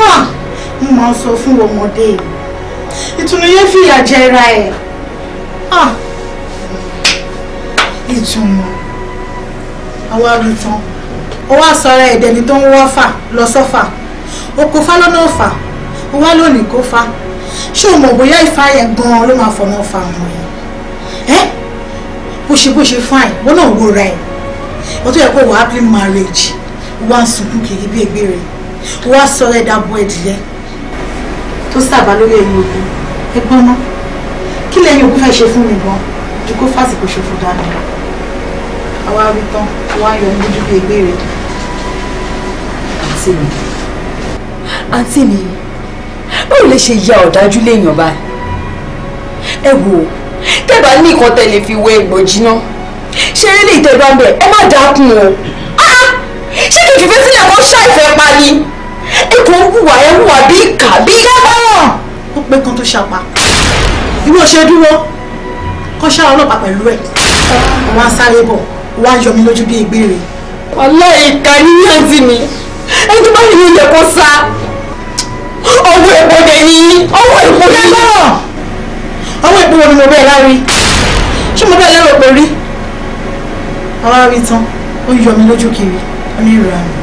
[SPEAKER 2] ah ni mò ń sọ fún ọmọdé ìtùnú yẹn fìyà jẹra ẹ̀ ah! ìtùnú àwọn àrùntàn ó wá sọ̀rọ̀ ẹ̀dẹ̀ni tó ń wọ́ fà lọ sọ́fà ó kó fá lọ́nà ọ̀fà ó wá lónìí kó fá ṣé o mọ̀ bóyá ìfá yẹn gan-an ló máa fọmọ fa àwọn yẹn ẹ́ bó ṣe bó ṣe fáìn wọn náà wo ra ẹ̀ ó tó yẹ kó wàá bí marriage wá ń sunkún kiri bí ègbé rẹ̀ wá sọ̀rọ̀ ẹ̀dá bọ́ ẹ̀dìyẹ tó sábà lórí ẹ̀yìn ogun ẹ gbọ́n ná kí lẹ́yìn ogun fẹ́ ṣe fún mi gan ju kó fásitì ṣòfò dání lọ àwa wí tán wá yọ ní ojú bíi egbére àǹtí mi àǹtí mi báwo lè ṣe ya ọ̀dájú léèyàn báyìí ẹ wò ó tẹ́bà ní nǹkan tẹ̀lé fi wé egbò jiná ṣé eré lè tẹ́ bá ń bẹ̀ ẹ má dákun o ah! ṣé kìkì fẹ́ sílẹ̀ kó ṣàìfẹ́ pa ni ẹ kò wùwà ẹ wùwà bí ìkà bí gábàrọ̀ ó pé kan tó ṣapa ìwé ò ṣe dúró kọ́ ṣá ọlọ́pàá pẹ̀lú ẹ̀ wọ́n á sáré bọ̀ wọ́n á yọ mi lójú bí ìgbére. ọlọ́ọ̀ ìkà níyàn tì mí ẹni tó bá yẹ mi yẹ kó sá ọwọ́ epo dẹ̀ ni ọwọ́ epo dẹ̀ lọ́rọ̀ ọwọ́ epo wo ni mo bẹ́ẹ̀ lárí ṣé mo bẹ́ẹ̀ lérò pé rí àwa rí tán ó yọ mi lójú kiri onírúurú àmì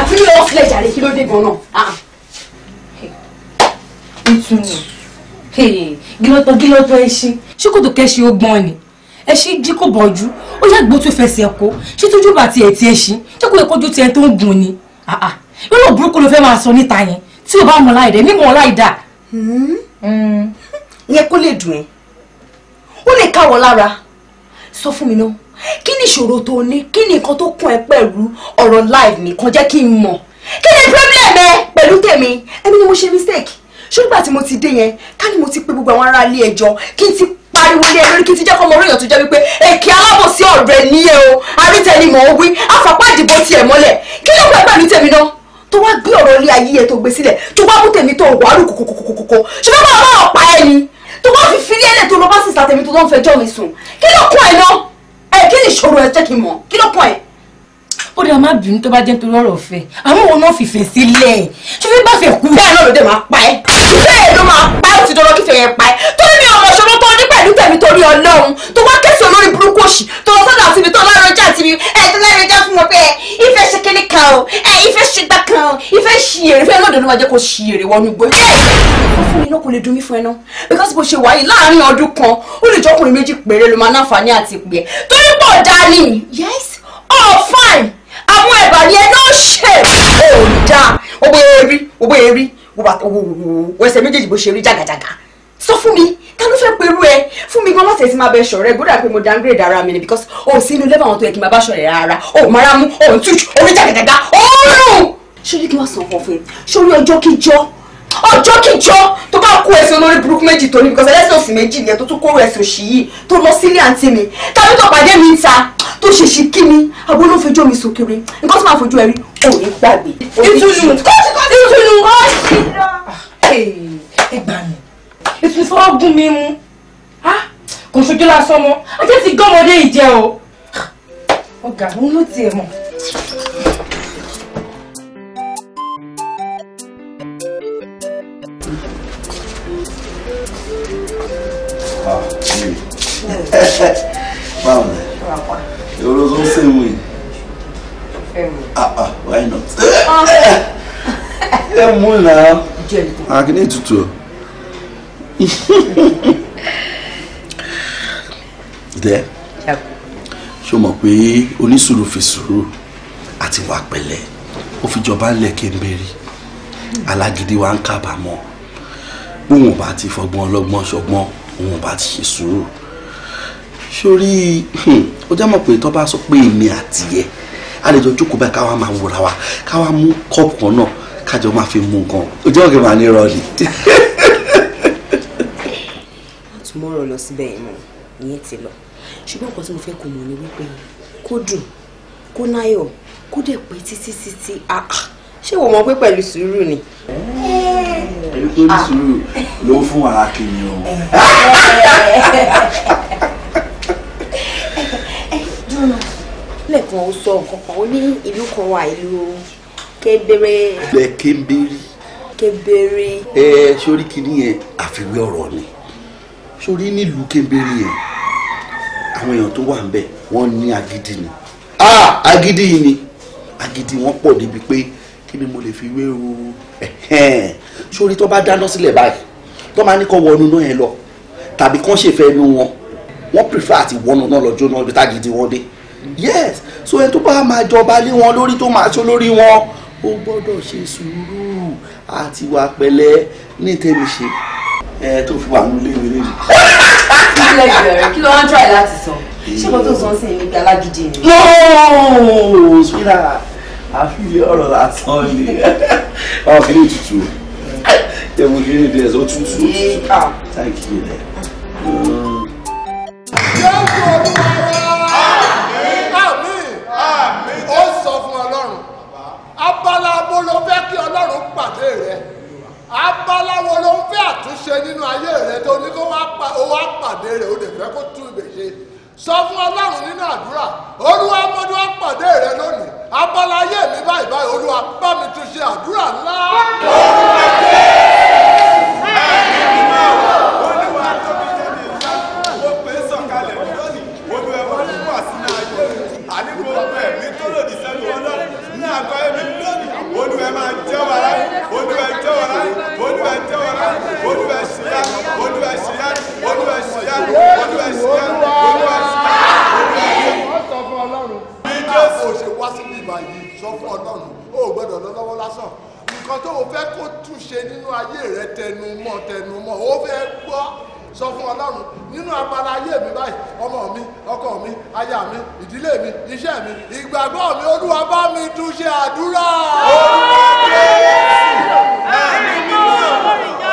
[SPEAKER 5] àfi kí lọ́wọ́ sílẹ̀ jàre kí ló dé gan náà. Ah.
[SPEAKER 2] ìtùnú gílọ́tọ̀ gílọ́tọ̀ ẹṣin ṣé kò tó kẹ́ṣin ó gbọ́n ni ẹṣin jí kò bọ́jú ó yàgbó tó fẹsẹ̀ ẹ̀kọ́ ṣé tójú bá tiẹ̀ ti ẹṣin ṣé kò yẹ kójú tiẹ̀ tó ń gùn ni ah, ah. irú burúkú ló fẹ́ máa sọ níta yẹn tí o bá mọ̀ láì dẹ̀ mímọ̀ láì dà. Hmm? Hmm ìyẹn kó lè dùn ẹ́ ó lè káwọ́ lára sọ fún mi náà kí ni ìṣòro tó ní kí ni nǹkan tó kún ẹ pẹ̀lú ọ̀rọ̀ live nìkan jẹ́ kí n mọ̀ kí ni problem ẹ pẹ̀lú tèmi èmi ni mo ṣe mistake ṣùgbọ́n àti mo ti dé yẹn ká ní mo ti pe gbogbo àwọn ará ilé ẹjọ́ kí n ti pariwo lé ẹ lórí kí n ti jẹ́ kọ́
[SPEAKER 5] ọmọ oríyàn tó jẹ́ wípé èkì alábòsí ọ̀rẹ́ ní ẹ o arítẹ́ni mọ̀ ọ́ wí àfàpá ìdìbò tiẹ̀ mọ́lẹ̀ kí ló pẹ́ pẹ̀lú tèmi náà tó wá gbé ọ̀rọ̀ ilé ayé yẹn tó gbé sílẹ̀ tó wá mú tèmi tó wàá kòkòkòkòkò ṣùgbọ́n báwo báwo pa tó bá fi fi lélẹ̀ tó lọ bá sísà tèmi tó lọ́n fẹjọ́ mi
[SPEAKER 2] sùn kí ló kún ẹ lọ ẹ kí ni ìṣòro ẹ jẹ́ kí n mọ̀ kí ló kún ẹ ó dà má bínú tó bá jẹ́ torí ọ̀rọ̀ fẹ́ àmọ́ òun náà fìfẹ́ sílẹ̀ ṣùgbọ́n bá fẹ́ kú. bẹ́ẹ̀ náà ló dé máa pa ẹ́
[SPEAKER 5] bẹ́ẹ̀ ló máa pa ó ti dọ́rọ́ kífẹ́ yẹn pa ẹ́ torí mi ọmọ ṣọlọ́ tó ní pẹ̀lú tẹ̀mí torí ọlọ́run tó wá kẹ́sì olórí burúkú òṣì tó lọ sọ́dọ̀ àti ibi tó àti ibi fún wọn pé ìfẹ́ ṣe kíní kan o ìfẹ́ ṣe gbá kan o ìfẹ́ ṣì èrè fẹ́ lọ́dọ̀ ló máa jẹ́ kó ṣì èrè wọnú igbó. wọ́n náà kò lè dùn mí fún ẹ náà because bó ṣe wáyé láàárín ọdún kan ó lè jọkùnrin méjì péré
[SPEAKER 2] ló máa náfààní àti ìpè torí pọ̀ dání yes all oh, fine
[SPEAKER 5] àwọn ẹ̀bà yẹn náà
[SPEAKER 2] ṣe ò dáa owó erí owó erí wo ẹsẹ̀ méjèèjì bó ṣe rí jàgàjàgà sọ fún mi ta ló fẹ́ perú ẹ fún mi gan láti ẹ̀sìn máa bẹ ṣọ̀rẹ́ gbọ́dọ̀ pé mo downgrade ara mi ni because o sí inú lẹ́bàá àwọn tó yẹ kí n máa bá ṣọ̀rẹ́ ara o mara mú o ń túṣu orí jàgàjàgà ó rùn. ṣé orí kí wọ́n sàn fọ́ fún ẹ ṣé orí ọjọ́ kíjọ́ ọjọ́ kíjọ tó bá kó ẹsẹ̀ olórí burúkú méjì tó ní bíkọ́sẹ̀ ẹlẹ́sẹ̀ oṣù méjì nìyẹn tó tún kóró ẹsẹ̀ òṣì yìí tó lọ sílé àǹtí mi tàbí tó pàdé mi ta tó ṣe ṣì kí mi àbó ló fẹjọ́ mi sókèrè nǹkan tó máa fojú ẹ rí ò ní gbàgbé. ìtùnú ìtùnú ẹgbà mi ìtùnú fọwọ́ ah, gún mi mú ah, kò ṣojú lásán mọ́ ajé ti gọ́mọdé ìjẹ́ o ọ̀gá òun ló tiẹ̀ mọ̀. Báwo ni? Ìrora tó ń sè mú yìí. Ah ah, why not? Ẹ mú náà.
[SPEAKER 1] Akíní tutù
[SPEAKER 2] o. Dẹ́, ṣé o mọ̀ pé onísùúrù fi sùúrù àti wà pẹ̀lẹ́ ó fi jọba ńlẹ̀ kéńbérì alágídí wa ń kábàámọ̀ bóun ò bá ti fọgbọ́n ọlọ́gbọ́n ṣọgbọ́n òun ò bá ti ṣe sùúrù sórí ó hmm, jẹ́ mọ̀ pé tó bá sọ pé èmi àti ẹ a lè jọ jókòó báyìí káwa máa wòra wa káwa mú kọ́ọ̀pù kan náà kájọ máa fi mú nǹkan ó jẹ́ òkè máa ní rọ́ọ̀lì. àtúmọ̀rọ̀ lọ síbẹ̀ yẹn ìyẹn ti lọ ṣùgbọ́n nǹkan tí mo fẹ́ kó mọ̀ ni wípé kó dùn kó náyọ̀ kó dẹ̀ pé títí títí ṣé wọ́n mọ̀ pé pẹ̀lú sùúrù ni. pẹ̀lú tó ní sùúrù ló fún wàrà kìnìún. lẹ́ẹ̀kan ó sọ nǹkan kan ó ní ìlú kan wà ìlú kébéré. ilẹ̀ kébéré. kébéré. ẹ ẹ sórí kìíní yẹn àfiwé ọ̀rọ̀ ni sórí nílùú kébéré yẹn àwọn èèyàn tó wà ń bẹ̀ wọ́n ní agídí ni ah agidi yìí ni Agidi wọn pọ̀ débi pé kí ni mo lè fi wé o sórí tó bá dáná sílẹ̀ báyìí tó máa ní kó wọnú náà yẹn lọ tàbí kán ṣèfẹ́ inú wọn wọ́n prefer àti wọnú náà lọ jóná ibi tá wọn dé yes so ẹni tó bá máa jọba lé wọn lórí tó máa ṣe lórí wọn ó gbọ́dọ̀ ṣe sùúrù àti wà pẹ̀lẹ́ ní tèmi ṣe ẹ tó fi wà ní ilé ìwé rẹ. kí ló ń tọ́ ẹ̀ láti sọ ṣé kò tó sọ sí ní ibi alágídí ni. nooo sweera àfihàn ọ̀rọ̀ lásán ni ọ̀ kí ni tutù ẹ mo kí ni díẹ̀ sọ tutù táǹkì yìí rẹ̀. yóò kó
[SPEAKER 5] o bí wàá
[SPEAKER 1] pàdé rẹ abáláwo ló ń fẹ́ àtúnṣe nínú ayé rẹ tó ní kó wá pàdé rẹ ó lè fẹ́ kó tún ibẹ̀ ṣe sọ fún ọlọ́run nínú àdúrà olúwa mọ́dún á rẹ lónìí abala ayé mi báyìí báyìí olúwa bá mi tún ṣe àdúrà ńlá. olúwa máa jẹ́ wàrà olúwa ṣíyá olúwa ṣíyá olúwa ṣíyá olúwa ṣíyá olúwa ṣíyá. ọ̀sán fún ọlọ́run. bí jésù ṣe wá síbi ìbàyí sọ fún ọlọ́run ó gbọ́dọ̀ lọ lọ́wọ́ lásán nǹkan tó o fẹ́ kó túnṣe nínú ayé rẹ tẹnu mọ́ tẹnu mọ́ o fẹ́ gbọ́ sọ fún ọlọ́run nínú abala ayé mi báyìí ọmọ mi ọkọ mi aya mi ìdílé mi iṣẹ́ mi ìgbàgbọ́ mi olúwa bá mi túnṣe àdúrà. olùkọ́ kérésì ẹ̀mí mímọ́.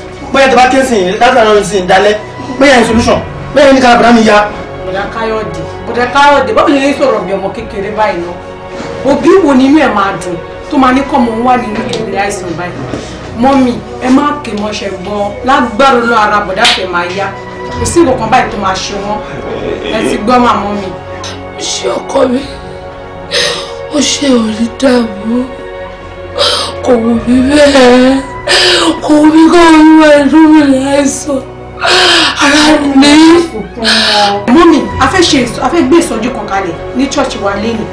[SPEAKER 2] bóyá tí bá ké sí látàrí ọ̀run sí ìdálẹ́ bóyá ní solution bóyá ní kára mi ya. bọ̀dà káyọ̀dé bọ̀dà káyọ̀dé bọ́bí yẹn sọ̀rọ̀ bí ọmọ kékeré báyìí lọ òbí wo ni inú ẹ̀ máa dùn tó máa ní kọ́mọ wà nínú ìlú àìsàn báyìí mọ́mì ẹ má ké mọ́ṣẹ́ gbọ́ lágbára lọ ara bọ̀dà fẹ́ máa ya kò sí ìwọ̀kan báyìí tó máa ṣe wọ́n ẹ ti gbọ́ màmá mi. ó ṣe ọkọ mi ó ṣe òrí dààmú kò wù mí bẹ́ẹ̀ kò bí kò ń lọ ìdúróbìnrin àìsàn ara mi. mọ́mí a fẹ́ ṣe a fẹ́ gbé ìsọjí kan kalẹ̀ ní ṣọ́ọ̀ṣì wa lẹ́yìn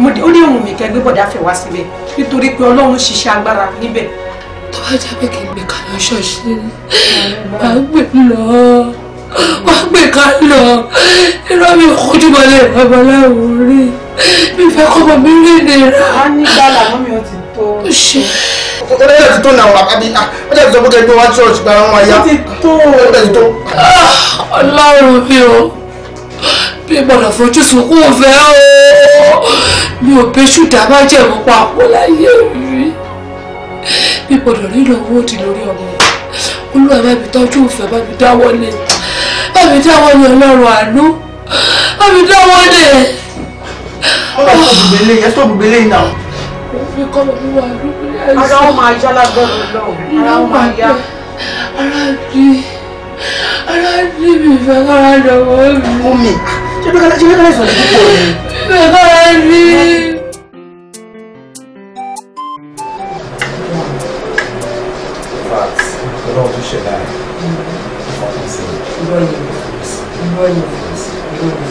[SPEAKER 2] ó lè wùn mí kẹgbẹ́ bọ̀dá fẹ́ wá síbẹ̀ nítorí pé ọlọ́run ṣiṣẹ́ agbára níbẹ̀. tó bá jábẹ́ kí n gbé kalẹ̀ ṣọ́ọ̀ṣì wà á gbé lọ wà á gbé kalẹ̀ irọ́ mi kojú balẹ̀ babaláwo rí mi fẹ́ kọ́ bọ̀ mí rí ìnira. a ní gbàlà mọ́mí ó ti tó. ṣe é ọdẹ yẹn ti tó nà wà àbí ọdẹ ti tó bókẹ́ gbé wá ṣọ́ọ̀ṣì gba àwọn àyà ọdẹ ti tó. Ah, ọlọ́run mi ò bí gbọ́dọ̀ fojú sunkún fẹ́ o mi ò bẹ́ ṣùdá má jẹ́ mọ́ pa àpò láyé rí bí gbọ́dọ̀ rí ìlọ́wọ́ òdì lórí ọmọ olúwa bá mi tọ́jú ìfẹ́ bá mi dáwọ́lé bá àánú bá mi dáwọ́lé. ọlọ́run yẹn tó gbèlè náà
[SPEAKER 4] fi kọ́ mi wà lórí ẹ̀sìn. ara wọn máa yá lágbọ́dọ̀
[SPEAKER 2] lọ́wọ́ ara wọn máa yá.
[SPEAKER 4] ara di ara di mi fẹ́ kára lọ́wọ́ mi. mú mi ṣé bí kálá ṣe bí kálá ìsọ̀rọ̀ púpọ̀ ni. fẹ́ kára di. Ọlọ́run tó ṣe láàrin ọ̀pọ̀ sí i. Ìrọ̀lẹ́ ìrọ̀lẹ́ ìrọ̀lẹ́ ìrọ̀lẹ́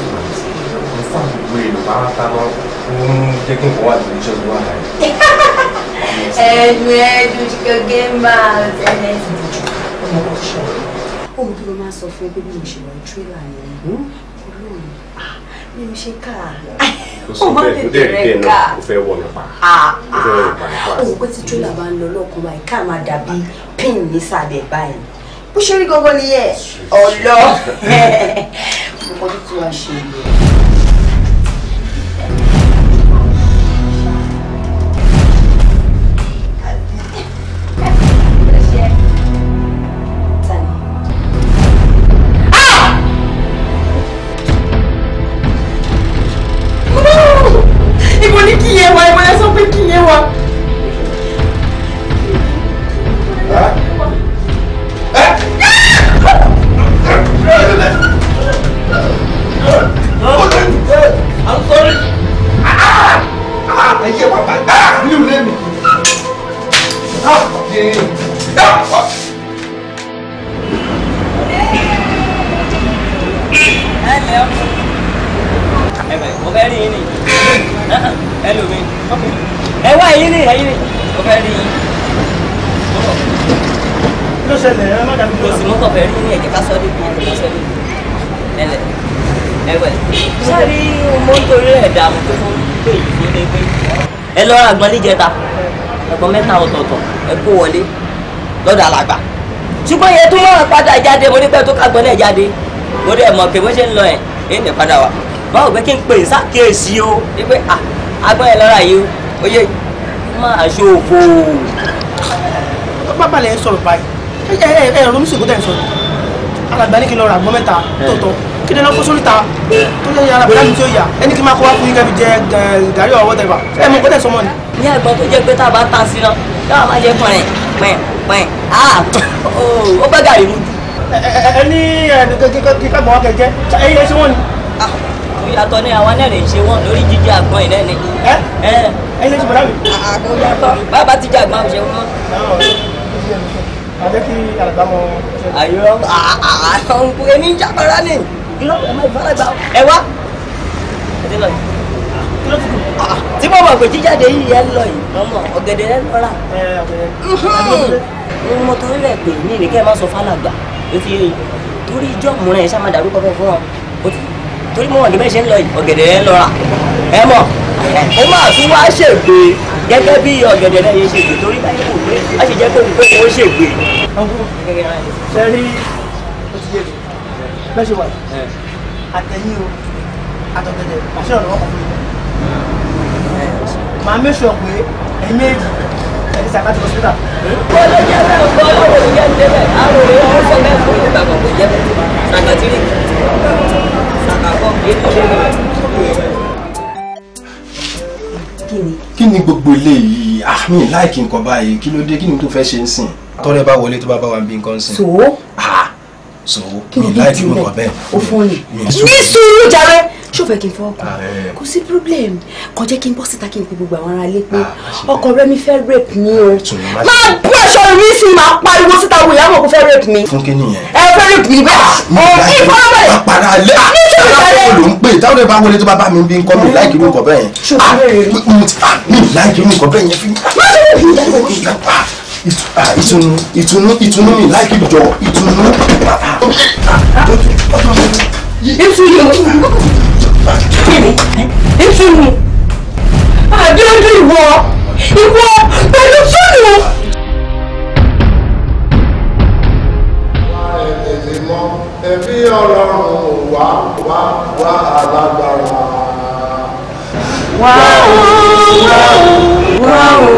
[SPEAKER 3] fún àwọn ìwé ìlú pátá lọ fún jẹ́ kí n kọ́ wá
[SPEAKER 2] ẹnu ẹdun ti gẹ́gẹ́ máa tẹ́lẹ̀ sí. ọmọ kan sọ ohun tó ló máa sọ fún ẹgbẹ́ bí mo ṣe wà ní tírélà yẹn olóòrùn bí mo ṣe kà á
[SPEAKER 1] ọmọ tètè rẹ kà á fẹ́ wọ nípa
[SPEAKER 2] òun pé tí tírélà bá ń lọ lọ́kàn báyìí ká máa dàbí pin nísàlẹ̀ báyìí bó ṣe rí gangan nìyẹn ọ̀lọ́ nǹkan tó ti wá ṣe yẹn.
[SPEAKER 3] àgbọn níjẹta ẹ̀gbọ́n mẹ́ta ọ̀tọ̀ọ̀tọ̀ ẹ kó wọlé lọ́dọ̀ alàgbà ṣùgbọ́n iye tó máa padà jáde mo nípẹ́ tó kágbọ́n náà jáde mo dẹ̀ mọ̀ pé bó ṣe ń lọ ẹ̀ èyí ni padà wà báwo pé kí n pè é ṣàkíyèsí o wípé agbọ́n ẹ̀ lọ́ra yìí o yé
[SPEAKER 2] máa ṣòfò. bàbá lè sọ̀rọ̀ báyìí ẹ̀rọ mi sì kú tẹ̀ sọ̀rọ̀ alàgbà ní kí n lọ kí ni lọ́kọ́ sórí ta tó yẹ yàrá bẹ̀rẹ̀ mi tí ó yà ẹni kí n máa kó wá fún yín kẹ́bi jẹ gàrí ọ̀wọ́ tẹ̀fà ẹ mọ̀ kọ́tẹ̀ sọmọ ni. ìyá
[SPEAKER 3] ẹ̀gbọ́n tó jẹ́ pé tá a bá ta sí náà táwa máa jẹ́ pọ̀nrẹ̀ pẹ̀n pẹ̀n ó bá gàrí mu.
[SPEAKER 2] ẹ ní kíkà gbọ̀n kẹ̀kẹ́ ẹ̀yin lè ṣe wọ́n ni.
[SPEAKER 3] ìyàtọ̀ ni àwa náà lè ṣe wọ́n lórí jíjẹ àgbọn ìlẹ́ ni. ẹ ẹ ẹ̀yin lè ṣe bọ̀dá mi. àkóyàtọ̀ bàbá ti jẹ àgbọn àwùjọ wọn àjẹ́ kí alàgbà mọ. àyọ̀ àwọn èmi ń jábára ni irọ́ ọmọ ìfọ́lágbà ẹ wá tí mo mọ̀ pé jíjáde yìí yẹn lọ yìí mọ̀mọ́ ọ̀gẹ̀dẹ̀ yẹn lọ rà mhmm. mo torí rẹ̀ pé ní ìrìkẹ́ máa sọ fálàgbà ó ti torí ìjọ́ mìíràn ẹ̀ ṣá máa dàrú kọ́kọ́ fún wọn torí mo wọ̀n níbẹ̀ ṣe ń lọ yìí ọ̀gẹ̀dẹ̀ yẹn lọ rà ẹ mọ̀ ó máa tún wá ṣègbè gẹ́gẹ́ bí ọ̀gẹ̀dẹ̀ náà yẹn ṣègbè torí báyìí kò pé a ṣe jẹ́ kó pé ó ṣègbè.
[SPEAKER 2] ṣe rí bẹ́ẹ̀ ṣe wà yìí àtẹ̀yìn o àtọ̀tẹ̀tẹ̀ àṣẹ ọ̀nà ọkọ̀ fún mi màá mẹ́sọ̀ pé ẹ̀yìn méjì ẹ̀yìn sàkájọ hospital. wọ́n ló jẹ́ bẹ́ẹ̀ gbọ́ lọ́wọ́ ìyá ń débẹ̀ àrò
[SPEAKER 3] rẹ̀ wọ́n sọ bẹ́ẹ̀ fún ìgbà kan kò jẹ́ bẹ́ẹ̀ sàkàtìrì sàkàkọ́ kì í
[SPEAKER 2] tọ́jú kí ni gbogbo eléyìí ah mi láìkí nǹkan báyìí kí ló dé kí ni tó fẹ́ ṣe ń sìn. tọ́lẹ̀ bá wọlé tó bá bá wa bí nǹkan sìn. so. ah so mi láì tí mo kọ bẹ́ẹ̀. o fún yìí ní sùúrù jàre ṣó fẹ́ kí n fọwọ́ kàn ah, eh. kò sí problem kàn jẹ́ kí n bọ́ síta kí n pe gbogbo àwọn ará ilé pé ah,
[SPEAKER 5] ọkọ rẹ mi fẹ́ rape mi o máa bú ẹ̀ṣọ́ mi sí máa pariwo síta wo ìyá mọ̀ kó fẹ́ rape mi. fún kí nìyẹn. ẹ fẹ́ rape mi bẹ́ẹ̀
[SPEAKER 2] mo kí n fọwọ́ bẹ́ẹ̀. àpàrà alẹ́ aláwọ̀ ah, ló ń pè táwọn ẹ̀bá wọlé tó bá bá mi bí nǹkan mi láì kí nǹkan bẹ́ẹ̀ yẹn. mi láì kí nǹkan bẹ́ẹ̀
[SPEAKER 5] yẹn fi.
[SPEAKER 1] Ah, ìtùnú ìtùnú ìtùnú mi láì jọ ìtùnú. ìtùnú
[SPEAKER 5] ìtùnú àdéhùn ìwọ
[SPEAKER 1] ìwọ pẹ̀lú fúnù. ẹbí ọlọ́run wá wá wá alágbára. wá o wá o wá o.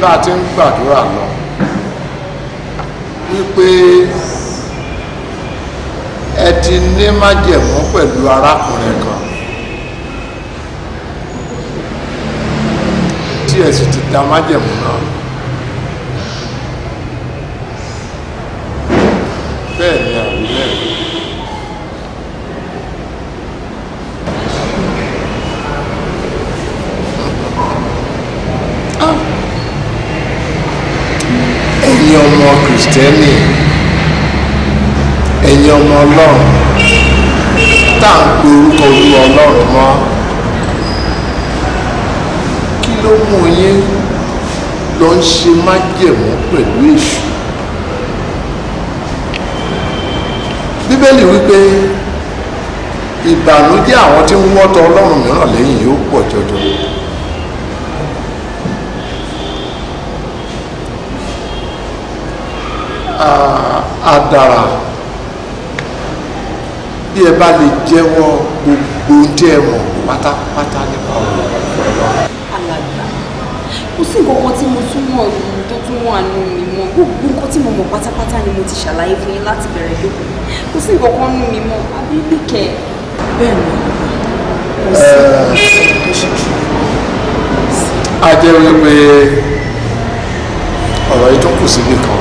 [SPEAKER 1] bá ti ń gbàdúrà lọ wípé ẹ ti ní májẹ̀mú pẹ̀lú arákùnrin kan tí ẹ sì ti da májẹ̀mú náà kìrìsìtẹ́nì ẹ̀yin ọmọ ọlọ́run tá à ń pe orúkọ olúwa ọlọ́run mọ́ kí ló mú yín lọ ń ṣe májẹ̀mú pẹ̀lú èṣù bíbélì wípé ìbànújẹ́ àwọn tí ń wọ́tọ̀ ọlọ́run mìíràn lẹ́yìn yóò pọ̀ jọjọ. àdàrà bí ẹ bá lè jẹ́wọ́ gbogbo tí ẹ mọ̀ pátápátá nípa ọ̀rọ̀
[SPEAKER 2] alàgbà kò sí nǹkan tí mo tún mọ̀ tó tún wà nù mí mọ́ gbogbo nǹkan tí mo mọ̀ pátápátá ni mo ti ṣàlàyé fún yín láti bẹ̀rẹ̀ lópin kò sí nǹkan kan nù mí mọ́ àbí bíkẹ́ bẹ́ẹ̀ ni
[SPEAKER 1] kò sí nǹkan ṣe jù a jẹ́ wípé ọ̀rọ̀ yìí tó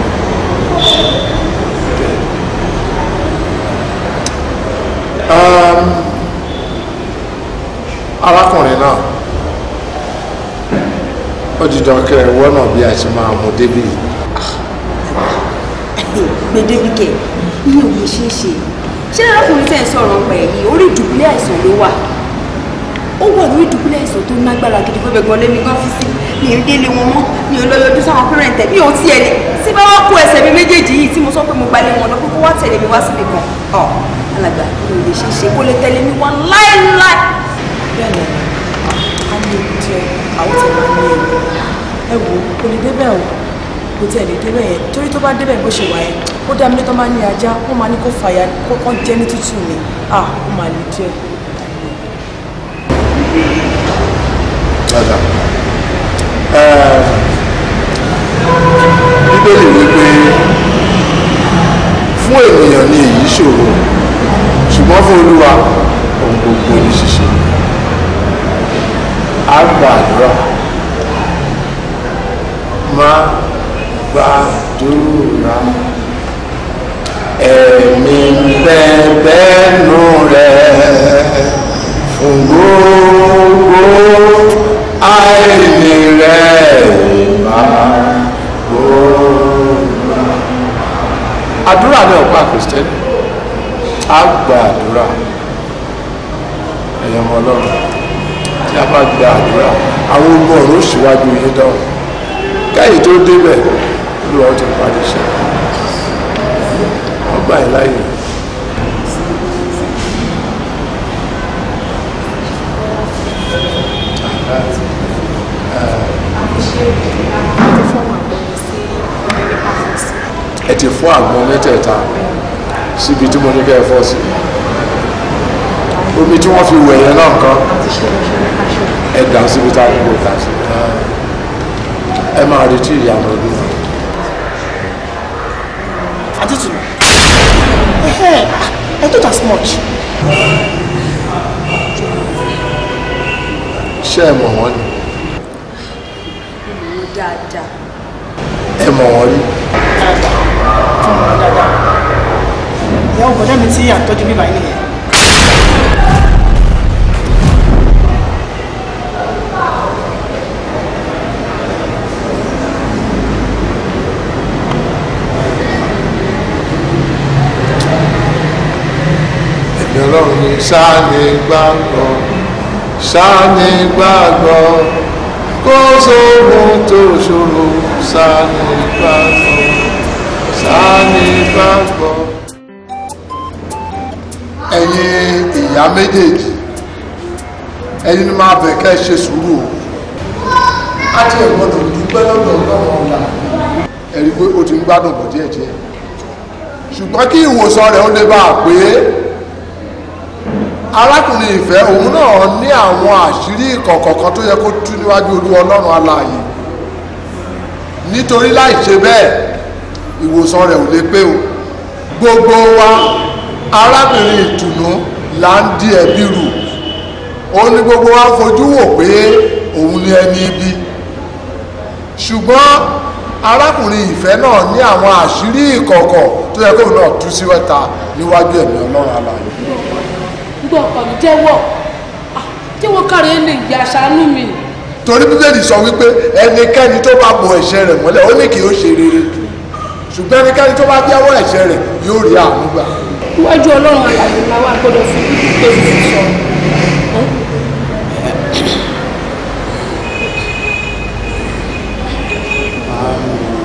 [SPEAKER 1] Jọkẹ́ ẹ̀wọ́ náà bí a ṣe máa mú débì.
[SPEAKER 2] gbé débì kẹ ilé òun ṣe é ṣe ṣé arákùnrin tẹ̀ ń sọ̀rọ̀ pẹ̀ yìí orí ìdùbúlẹ̀ àìsàn ló wà ó wà lórí ìdùbúlẹ̀ àìsàn tó lágbára gidi pé bẹ̀gbọ́n lẹ́mi gan fi sí mi ò délé wọn mọ́ mi ò lọ yọjú sáwọn pẹ́rẹ́ǹtẹ̀ mi ò tiẹ̀ lé tí bá wá kó ẹsẹ̀ mi méjèèjì yìí tí mo sọ pé mo gbalẹ̀ wọn lọ kókó wá tẹ̀lé mi wá síbi kan ọ̀ alàgbà mi ò lè ṣe ṣe kó lè tẹ̀lé mi wá láéláé. bẹ́ẹ̀ ni a ní ojú àwọn tẹ̀lé mi ò ẹ wò ó kò lè débẹ̀ o kò tiẹ̀ lè débẹ̀ yẹn torí tó bá débẹ̀ bó ṣe wà yẹn ó dá mi lé tó máa ní ajá ó máa ní kó fàyà kọ́kọ́ jẹ́ ní tútù ni à ó máa lè díẹ̀.
[SPEAKER 1] bíbélì wípé fún ènìyàn ni èyí ṣòro ṣùgbọ́n fún olúwa ohun gbogbo ní ṣíṣe àgbà má gbàdúrà ẹ̀mí bẹ́ẹ̀bẹ́ẹ̀nù rẹ̀ fún gbogbo àìní rẹ̀ má gbòòrà. àdúrà ni ọ̀pá kìrìsìtẹ́nì á gba àdúrà ẹ̀yẹ̀mọ́ ọlọ́run tí a bá gba àdúrà àwọn ogun ọ̀rọ̀ òṣìwájú yìí dáhùn káyì tó débẹ̀ olúwa ti parí iṣẹ́ ọgbà ẹ̀ láyè ẹ ti fọ́ àgbọn mẹ́tẹ̀ẹ̀ta síbi tí mo ní kẹ́ ẹ fọ́ sí omi tí wọ́n fi wẹ̀ náà nǹkan ẹ síbi tá a kúrò tá a sí ẹ máa retí ìyàwó ẹbí wọn.
[SPEAKER 2] àtútù I thought as much.
[SPEAKER 1] ṣé ẹ mọ̀ wọ́n ni. dáadáa. ẹ mọ̀ wọ́n rí. dáadáa.
[SPEAKER 2] ìyá ọ̀gọ́dá mi ti àtọ́jú bíbá yìí nìyẹn.
[SPEAKER 1] sáni gbàgbọ́ sáni gbàgbọ́ kó sóhun tó ṣòro sáni gbàgbọ́ sáni gbàgbọ́. ẹ̀yin ìyá méjèèjì ẹni ní máa bẹ̀ kẹ́ ṣe sùúrù o á ti ẹ̀ gbọ́dọ̀ dúpẹ́ lọ́dọ̀ ọlọ́run ọ̀la ẹ̀rí pé o ti ń gbádùn bọ̀ díẹ̀díẹ̀ ṣùgbọ́n kí ìwòsàn rẹ̀ ó lè bá a pé arákùnrin ìfẹ́ òun náà ní àwọn àṣírí ìkọ̀kọ̀kan tó yẹ kó tú níwájú olúwa ọlọ́run alààyè nítorí láì ṣe bẹ́ẹ̀ ìwòsàn rẹ̀ ò lè pé o gbogbo wa arábìnrin ìtùnú là ń di ẹ̀bi rù ó ní gbogbo wa fojú wò pé òun ni ẹni ibi ṣùgbọ́n arákùnrin ìfẹ́ náà ní àwọn àṣírí ìkọ̀kọ̀ tó yẹ kóun náà tú sí níwájú ẹ̀mí ọlọ́run alààyè
[SPEAKER 2] gbọ́ ọkọ mi jẹ́wọ́ ah, jẹ́wọ́ kárí ẹ lè yà ṣàánú mi.
[SPEAKER 1] torí bíbélì sọ wípé ẹnikẹ́ni tó bá bọ ẹ̀ṣẹ̀ rẹ̀ mọ́lẹ̀ ó ní kì í ṣe rere ṣùgbọ́n ẹnikẹ́ni tó bá jẹ́wọ́ ẹ̀ṣẹ̀ rẹ̀ yóò rí àmúgbà.
[SPEAKER 2] iwájú ọlọ́run àlàyé máa wá gbọ́dọ̀ fi èsì sọ.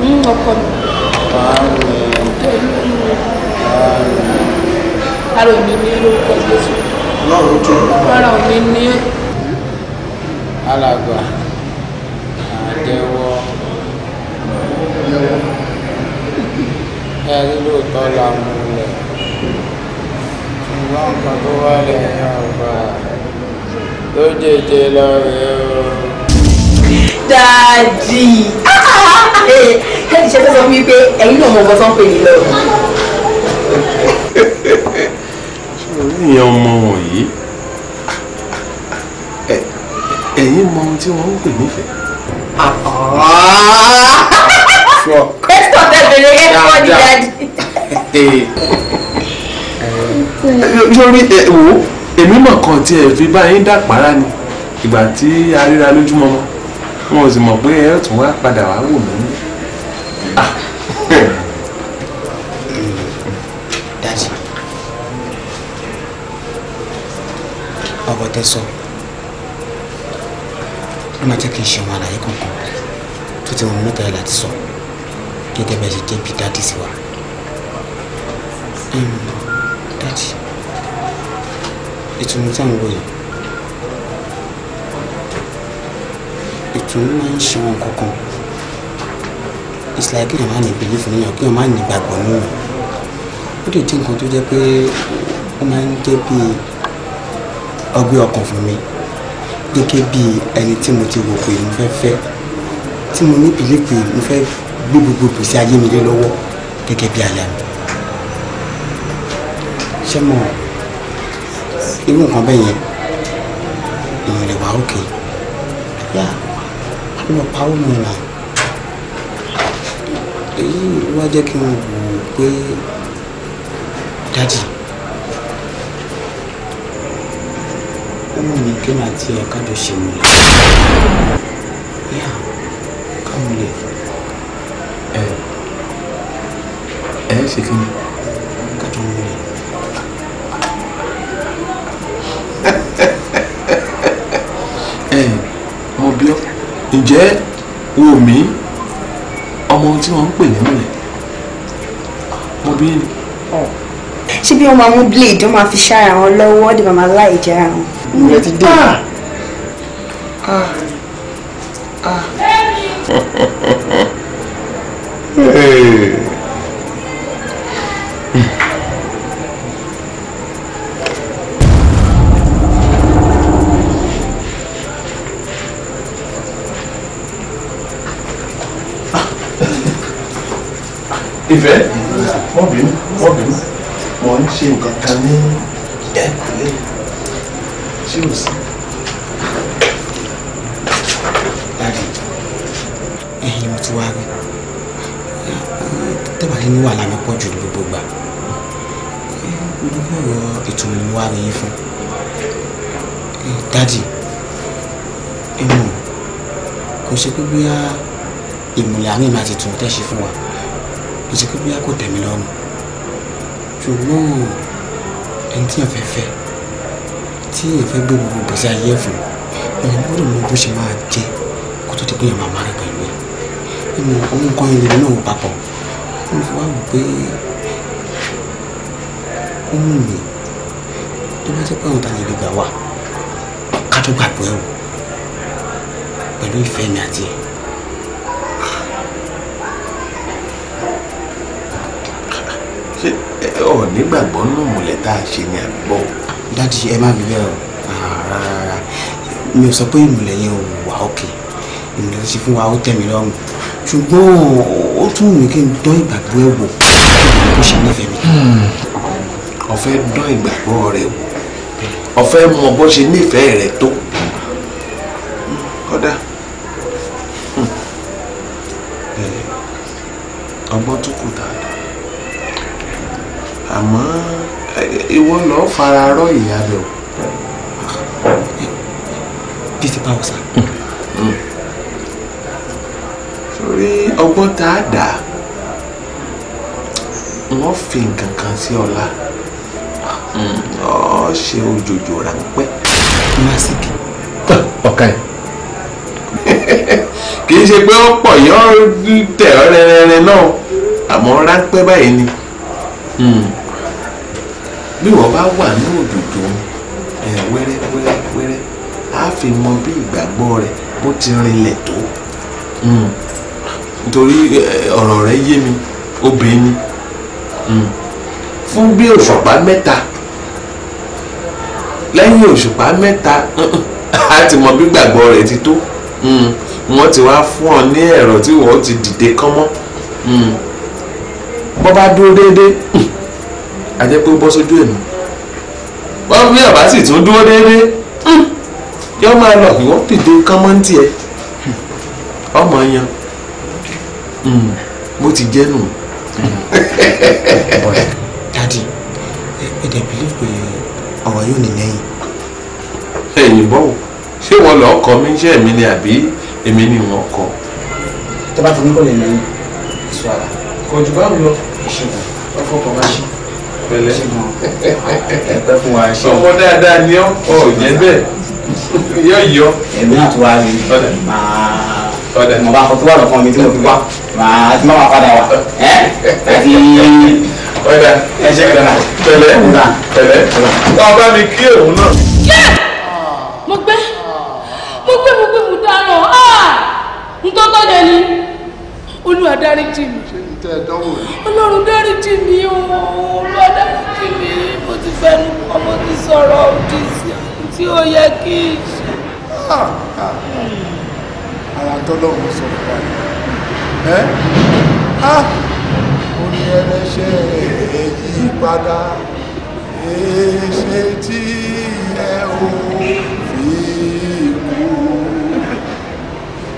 [SPEAKER 2] Hmm, ọkọ mi. ara mi ló ń kọ́ Jésù ọlọ́run tó rárá òní
[SPEAKER 1] ní ẹ́. alàgbà àdẹwọ ẹ rí lóòótọ́ la mú lẹ̀ ṣùgbọ́n nǹkan tó wà lẹ́yìn ọgbà ló jẹjẹ lọ rẹ o.
[SPEAKER 2] dáàdì kẹ́kì ṣe fẹ́ sọ fún mi pé ẹ̀yin náà mọ̀ nǹkan tó ń pè nìyẹn ọmọ wọ̀nyí ẹ̀yin mọ ohun tí wọ́n ń pè nífẹ̀ẹ́.
[SPEAKER 5] question bèrè yẹn fún
[SPEAKER 2] dáadé. lórí ẹ eh, èmi mọ̀ kan tí ẹ fi báyìí dà pàrà ni ìgbà tí a ríra lójúmọ́ wọn ò sì mọ̀ pé ẹ tún wá padà wá wò mí. tẹ́ sọ ẹ má jẹ́ kí n ṣe àwọn àlàyé kankan tó ti wọn mẹ́ta yẹn láti sọ gẹ́gẹ́ bẹ́ẹ̀ ṣe jẹ́ bí dáàdì sí wa dáàdì ìtùnú tí à ń ìtùnú máa ń ṣe wọn kankan ìsìláì kí èèyàn má ní bìlífù níyàn kí èèyàn má ní gbàgbọ́ nínú ó lè jẹ́ nǹkan tó jẹ́ pé ó máa ń jẹ́ bíi ọgbẹ́ ọkàn fún mi gẹ́gẹ́ bí ẹni tí mo ti wò pé mo fẹ́ fẹ́ tí mo níbìlẹ̀ pé mo fẹ́ gbé gbogbo gbèsè ayé mi lé lọ́wọ́ gẹ́gẹ́ bí aya mi ṣé mo irú nǹkan bẹ́ẹ̀ yẹn ìyẹn lè wá òkè yá lọ pa mi là èyí ló wá jẹ́ kí n wò ó pé dájì. mú mi kí ni àti ẹ̀ kájọ ṣe mú lẹ̀ yá ká mú lẹ̀. ẹ ẹ ṣe kí ni.
[SPEAKER 1] kájọ mú lẹ̀. ẹ ọmọ bíọ́ ǹjẹ́ wo mi ọmọ tí wọ́n ń pè ní múlẹ̀ mo bí ni.
[SPEAKER 2] ṣé bí wọ́n máa mú blade wọ́n máa fi ṣára wọn lọ́wọ́ ó dì láì jẹ́ra wọn ìrẹ ti dé. Ah! Ah. Ah.
[SPEAKER 1] Hey.
[SPEAKER 2] ìmùlẹ̀ àmì máa ti tún tẹ́ṣe fún wa kì í ṣe pé bóyá kò tẹ̀mí lọ́rùn ṣùgbọ́n ẹni tí èèyàn fẹ́ fẹ́ tí èèyàn fẹ́ gbé gbogbo gbèsè ayé ẹ̀ fún èèyàn gbọ́dọ̀ mọ bó ṣe máa jẹ kó tó ti pé èèyàn máa máa rí pẹ̀lú ẹ̀ nínú àwọn nǹkan yẹn lèmi náà papọ̀ ó fi wá wò pé ó mú mi tó bá jẹ́ pé àwọn táyà ìgbéga wà ká tó gbàgbọ́ ẹ̀ wò pẹ̀lú ìfẹ́ mi àti ẹ̀. nígbàgbọ́ nù múlẹ̀ tá a ṣe ni àgbọ̀. dájú ẹ má bí bẹ́ẹ̀ o ah, rárá mi ò sọ pé ìmùlẹ̀ yẹn ò wà òkè ìmùlẹ̀ tó ṣe fún wa ó tẹ̀ mí lọ́rùn ṣùgbọ́n ó tún wù mí kí n dán ìgbàgbọ́ ẹ wò kó ṣe nífẹ̀ẹ́ mi. Hmm. ọ̀fẹ́ dán ìgbàgbọ́ rẹ wò ọ̀fẹ́ mọ bó ṣe nífẹ̀ẹ́ rẹ tó
[SPEAKER 1] fara rọ ìyá rẹ o.
[SPEAKER 2] bí ti bá wọ sá. Mm. sórí ọgbọ́n tá a dà wọ́n fi nǹkan kan sí ọ̀la ọ mm. ṣe òjòjò ráńpẹ́.
[SPEAKER 1] màsíkì. ọ̀ka ẹ̀. kì í ṣe pé ó pọ̀ yọ tẹ̀ ọ́ rẹ́rẹ́rẹ́ náà àmọ́ ráńpẹ́ báyìí ni. Mm bí wọ́n bá wà ní òdòdó
[SPEAKER 2] wẹ́rẹ́ wẹ́rẹ́ wẹ́rẹ́ á fi mọ bí ìgbàgbọ́ rẹ bó ti rinlẹ̀ tó hmm. nítorí ọ̀rọ̀ rẹ yé mi obìnrin ni hmm. fún bí òṣùpá mẹ́ta lẹ́yìn òṣùpá mẹ́ta á ti mọ bí ìgbàgbọ́ rẹ ti tó hmm. wọ́n ti wá fún ọ ní ẹ̀rọ tí wọ́n ti dìde kánmọ́ bọ́ bá dúró déédéé ajẹ́ pé ó bọ́ sójú ẹ̀mí wọ́n bí àbá sì tún dúró déédéé yọ máa lọ ìwọ́n dìde kánmọ́ntì ẹ ọmọ yan bó ti jẹ́ nù. dadi ẹ dẹ̀ believe pé ọ̀rọ̀ yóò ní lẹ́yìn. bọ́wọ̀ ṣé wọn lọ kọ mí ṣé èmi ni àbí èmi ni wọn kọ. tọ́ba tó ń bọ̀ lẹ́yìn ìṣọ́ ara kọjú báwo lọ ìṣègùn ọkọ̀ ọkọ̀ ṣe pẹ̀lẹ́ ẹpẹ fún wa ṣe ọmọ dáadáa ni ọ ọ jẹ bẹ́ẹ̀ yọ yọ. ẹ̀mí náà tó wá rí máa mo bá fọ tó wà lọ́kàn mi tí mo fi wá
[SPEAKER 1] máa tí má wà padà
[SPEAKER 2] wá ẹ àti ọ̀dà ẹ
[SPEAKER 1] ṣe kẹlẹ́ pẹ̀lẹ́ pẹ̀lẹ́ tó o bá mi kí òun náà.
[SPEAKER 2] mo gbé mo gbé mo gbé mo dáràn ah! nǹkan tó dé ni olúwa dárí jì
[SPEAKER 1] tẹ́ ẹ dánwò yìí.
[SPEAKER 2] ọlọ́run dáríjì mi o olúwa dáríjì mi mo ti fẹnu kọ́ mo ti sọ̀rọ̀ òdì sí ohun tí ó yẹ kí n ṣe.
[SPEAKER 1] ara tọ́lọ́run sọ fún wa ẹ́ ó ní ẹlẹ́ṣẹ̀ èyí padà èṣe tí ẹ ò fi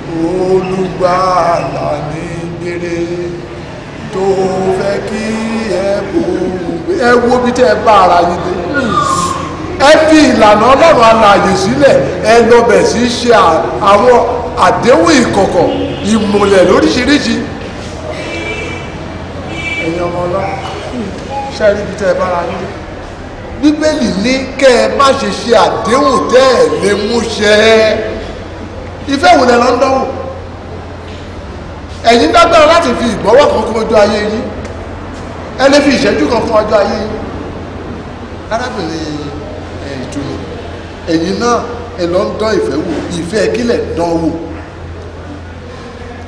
[SPEAKER 1] kú olùgbàlà ní gbére tó fẹ́ kí ẹ bò ẹ wo bí tẹ́ ẹ bá ara yín dé ẹ fi ìlànà ọlọ́run alààyè sílẹ̀ ẹ lọ́bẹ̀ sí ṣe àwọn àdéhùn ìkọ̀kọ̀ ìmùlẹ̀ lóríṣiríṣi ẹ̀yin ọmọ ọlọ́run ṣe rí bí tẹ́ ẹ bá ara yín dé bíbélì ní kẹ́ ẹ má ṣe ṣe àdéhùn tẹ́ ẹ lè mú ṣẹ ìfẹ́ ìwòlẹ̀ lọ́ńdọ́wò ẹ̀yin dágbára láti fi ìgbọ́wọ́ kan kún ojú ayé yín ẹ lè fi ìṣẹ́jú kan kún ọjọ́ ayé yín arábìnrin ìtùnú ẹ̀yin náà ẹ lọ ń dán ìfẹ́ wò ìfẹ́ kílẹ̀ dán wò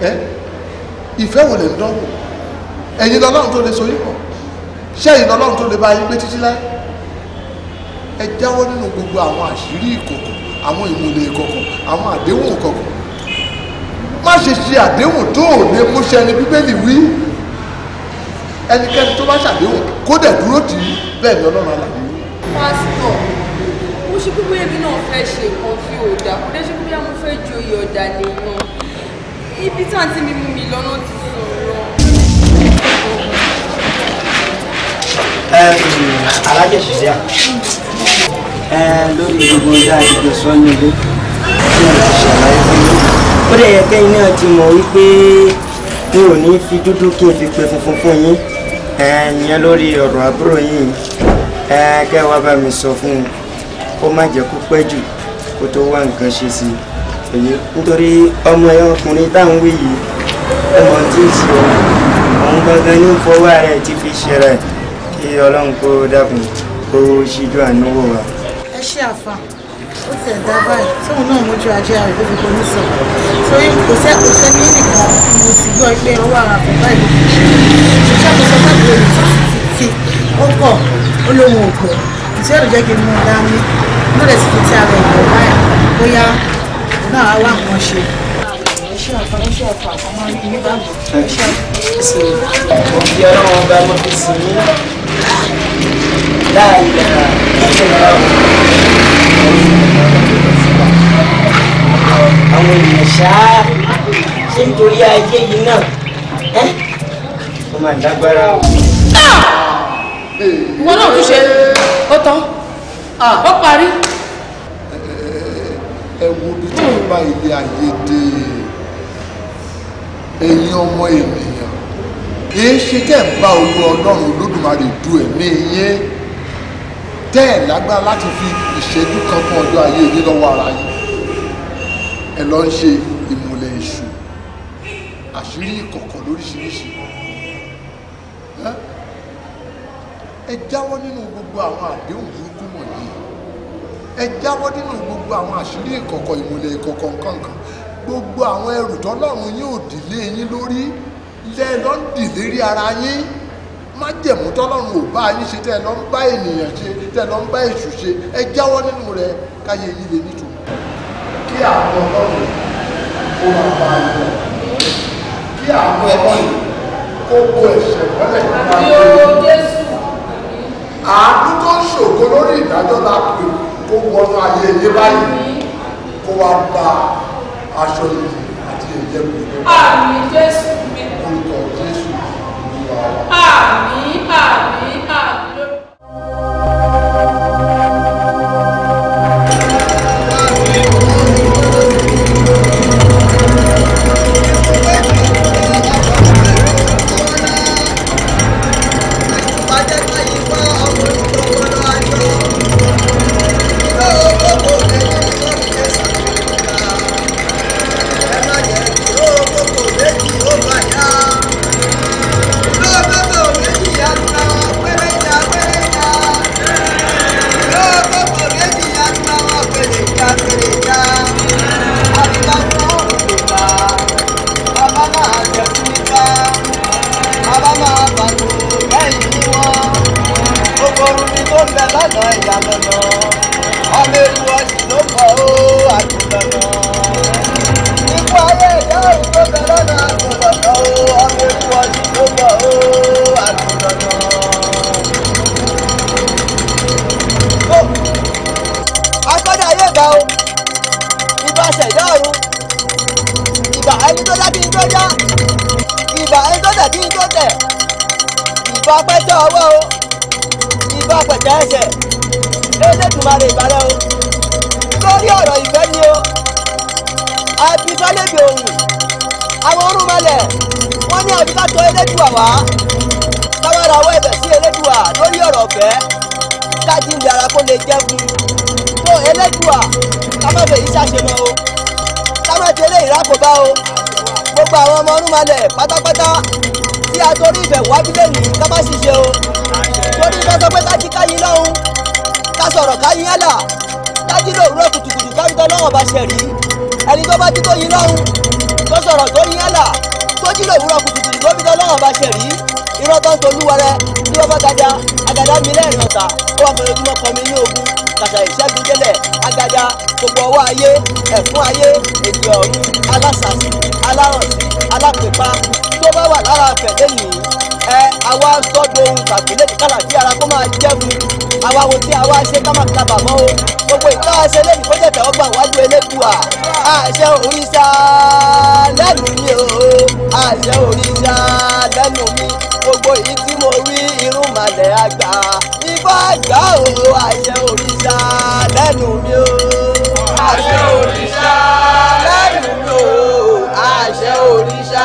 [SPEAKER 1] ẹ ìfẹ́ wò lè dán wò ẹ̀yin lọ́lọ́run tó lè so yín pọ̀ ṣé ẹ̀yin lọ́lọ́run tó lè bá yín gbé títí láyé ẹ jáwọ́ nínú gbogbo àwọn àṣírí ìkọ̀kọ̀ àwọn ìmùlẹ̀ ìkọ̀kọ̀ àwọn àdéhùn ìkọ̀kọ̀ má ṣe ṣe àdéhùn tó ò lè múṣẹ ni bíbélì wí ẹnikẹ́ni tó bá ṣàdéhùn kó dẹ̀ dúró tì í bẹ́ẹ̀ ni ọlọ́run alàyè wí.
[SPEAKER 2] pásítọ̀ mo ṣe pípé èmi náà fẹ́ ṣe nǹkan fi òdà kó dẹ́ ṣe pé bóyá mo fẹ́ joyè ọ̀dà nìyẹn ibi tí àǹtí mi mú mi lọ́nà ti sọ̀rọ̀. alájẹsíṣẹ́ lórí gbogbo dáadé sọ́ni ilé tí wọ́n ti ṣàlàyé fún mi dẹ̀ yẹ kẹ́yìn náà ti mọ̀ wípé mi ò ní fi dúdú kí n fi pe funfun fún yín ìyẹn lórí ọ̀rọ̀ àbúrò yìí kẹ́ wá bá mi sọ fún un kó má jẹ́ kó pẹ́ jù kó tó wá nǹkan ṣe sí i nítorí ọmọ ẹ ọkùnrin táwọn wí yìí ọmọ tí ń ṣe òun gangan ní fọwọ́ rẹ̀ ti fi ṣe rẹ̀ kí
[SPEAKER 3] ọlọ́run kó dákun kó ṣíjú àánú wò
[SPEAKER 2] ẹ ṣe àfà ó ti ẹ̀dá báyìí tóun náà mójú ajé rẹ̀ ló fi kọ́ni sọ torí kò sẹ́ kò sẹ́ ní nìkan mo sì gbọ́ pé ọwọ́ ara kò báyìí ló fi ṣe ṣiṣẹ́ kò sọ pàtó rẹ̀ títí ó kọ̀ ó lóun ò gbọ́ ìtí ọ̀dọ̀ jẹ́ kí n mú un dání mo lè sì fi ti ara ìgbọ̀ báyà bóyá náà wá nǹkan ṣe.
[SPEAKER 4] Iṣẹ́ ọ̀kan iṣẹ́ ọ̀kan àwọn ọmọ mi
[SPEAKER 2] ní bàbá. Iṣẹ́ ọ̀kan. Òbí ọlọ́run
[SPEAKER 3] àwọn èèyàn ṣáá ṣé nítorí ajé
[SPEAKER 2] yìí náà ẹ ó máa dágbára o. Ah! ìwọ náà ló ṣe ó tán ah, ó parí.
[SPEAKER 1] ẹ wo bí tí wọ́n bá ilé ayé dé ẹ̀yin ọmọ ènìyàn kì í ṣe kẹ́ ẹ̀ bá olú ọlọ́run olódùmarè du ẹ̀mí yín tẹ́ ẹ̀ lágbára láti fi ìṣẹ́jú kan fún ọjọ́ ayé yín lọ́wọ́ ara yín ẹ lọ ń ṣe ìmùlẹ̀ èṣù àṣírí ìkọ̀kọ̀ lóríṣiríṣi ẹ jáwọ́ nínú gbogbo àwọn àdéhùn burúkú wọ̀nyí ẹ jáwọ́ nínú gbogbo àwọn àṣírí ìkọ̀kọ̀ ìmùlẹ̀ ìkọ̀kọ̀ nǹkankan gbogbo àwọn ẹrù tọ́lọ́run yóò dìlé yín lórí lẹ́ẹ̀ lọ́ndì lérí ara yín májẹ̀mú tọ́lọ́run ò bá yín ṣe tẹ́ ẹ lọ ń bá ènìyàn ṣe tẹ́ ẹ lọ ń bá èṣù ṣe ẹ jáwọ́ nínú rẹ̀ káyé yín lè nítò. kí àwọn ọlọ́run kó máa bá a lọ kí àwọn ọlọ́run kó bo ẹ̀ṣẹ̀ mọ́lẹ̀ nípa ìlú àánú tó ń ṣògo lórí ìdájọ́ la kó wọnú ayé yé báyìí kó wá ba aṣọ yìí àti ẹ̀jẹ̀ mi. àmì
[SPEAKER 2] jésù. 阿弥陀佛。
[SPEAKER 5] lọ́nà ìyá ọmọ ewu ọ̀sìn ló pọ̀ ó àtúnlọ́nà. ikú ayé ìyá òun bẹ lọ́nà àtúnlọ́nà ó ọmọ ewu ọ̀sìn ló pọ̀ ó àtúnlọ́nà. agbọ́dọ̀ ayé ga o ìbá ṣẹ̀dá ọ̀run ìbá ẹni tó dá kí n tó dá ìbá ẹni tó dẹ̀ kí n tó tẹ̀ ìbá pẹ́ ọwọ́ o pẹ̀tẹ́ ẹ̀ṣẹ̀ elédùnmarè ìbàrẹ̀ o lórí ọ̀rọ̀ ìfẹ́ ni o àbífálẹ́bì òhùn àwọn orúnmalẹ̀ wọ́n ní àbíkátọ́ elédùà wá káwọn ara wọ ẹ̀bẹ̀ sí elédùà lórí ọ̀rọ̀ ọ̀fẹ́ kájí ń yàrá kó lè jẹ́ fún un tó elédùà kámọ́bẹ̀ yìí ṣàṣemọ́ o kámọ́tì eléyìí rákòbá o gbogbo àwọn ọmọ orúnmalẹ̀ pátápátá tí a torí ìfẹ́ wábílẹ̀ ní kábàṣìṣe o torí ká sọ pé ká jí káyín lọ́hún ká sọ̀rọ̀ káyín ẹ̀là ká jí lòwúrọ̀ kùtùkùtù ká rí tọ́lọ́wọ̀n bá ṣẹ̀ rí ẹni tó bá jí tó yín lọ́hún tó sọ̀rọ̀ tó yín ẹ̀là tó jí lòwúrọ̀ kùtùkùtù tó rí tọ́lọ́wọ̀n bá ṣẹ̀ rí irọ́ tó ń tolúwa rẹ ní wọ́n bá gada agada mi lẹ́rìn ọ̀tà ó wà fún ojúmọ́ kọ́ mi ní ogun kàkà ìṣẹ́gun délẹ̀ agada gbogbo ọwọ́ ayé ẹ̀fún ayé èdè ọ̀run alásàsì alárànsí alápèpá tó bá wà lára àfẹ́ lẹ́yìn yìí ẹ àwa sọ́dọ̀ ohun tàbí lẹ́yìn kálà kí ara kó máa jẹ́ fún àwa wo tí àwa ṣe ká máa kábà mọ́ o gbogbo ìta ṣe lẹ́yìn kó tẹ̀tẹ̀ ọgbà wájú elédùà àṣẹ òrìṣà lẹ́nu mi o àṣẹ òrìṣà lẹ́nu mi gbogbo èyí tí mo rí irun màlẹ̀ àgbà ifá àgbà o àṣẹ òrìṣà lẹ́nu mi o. àṣẹ òrìṣà lẹ́nu mi o àṣẹ òrìṣà.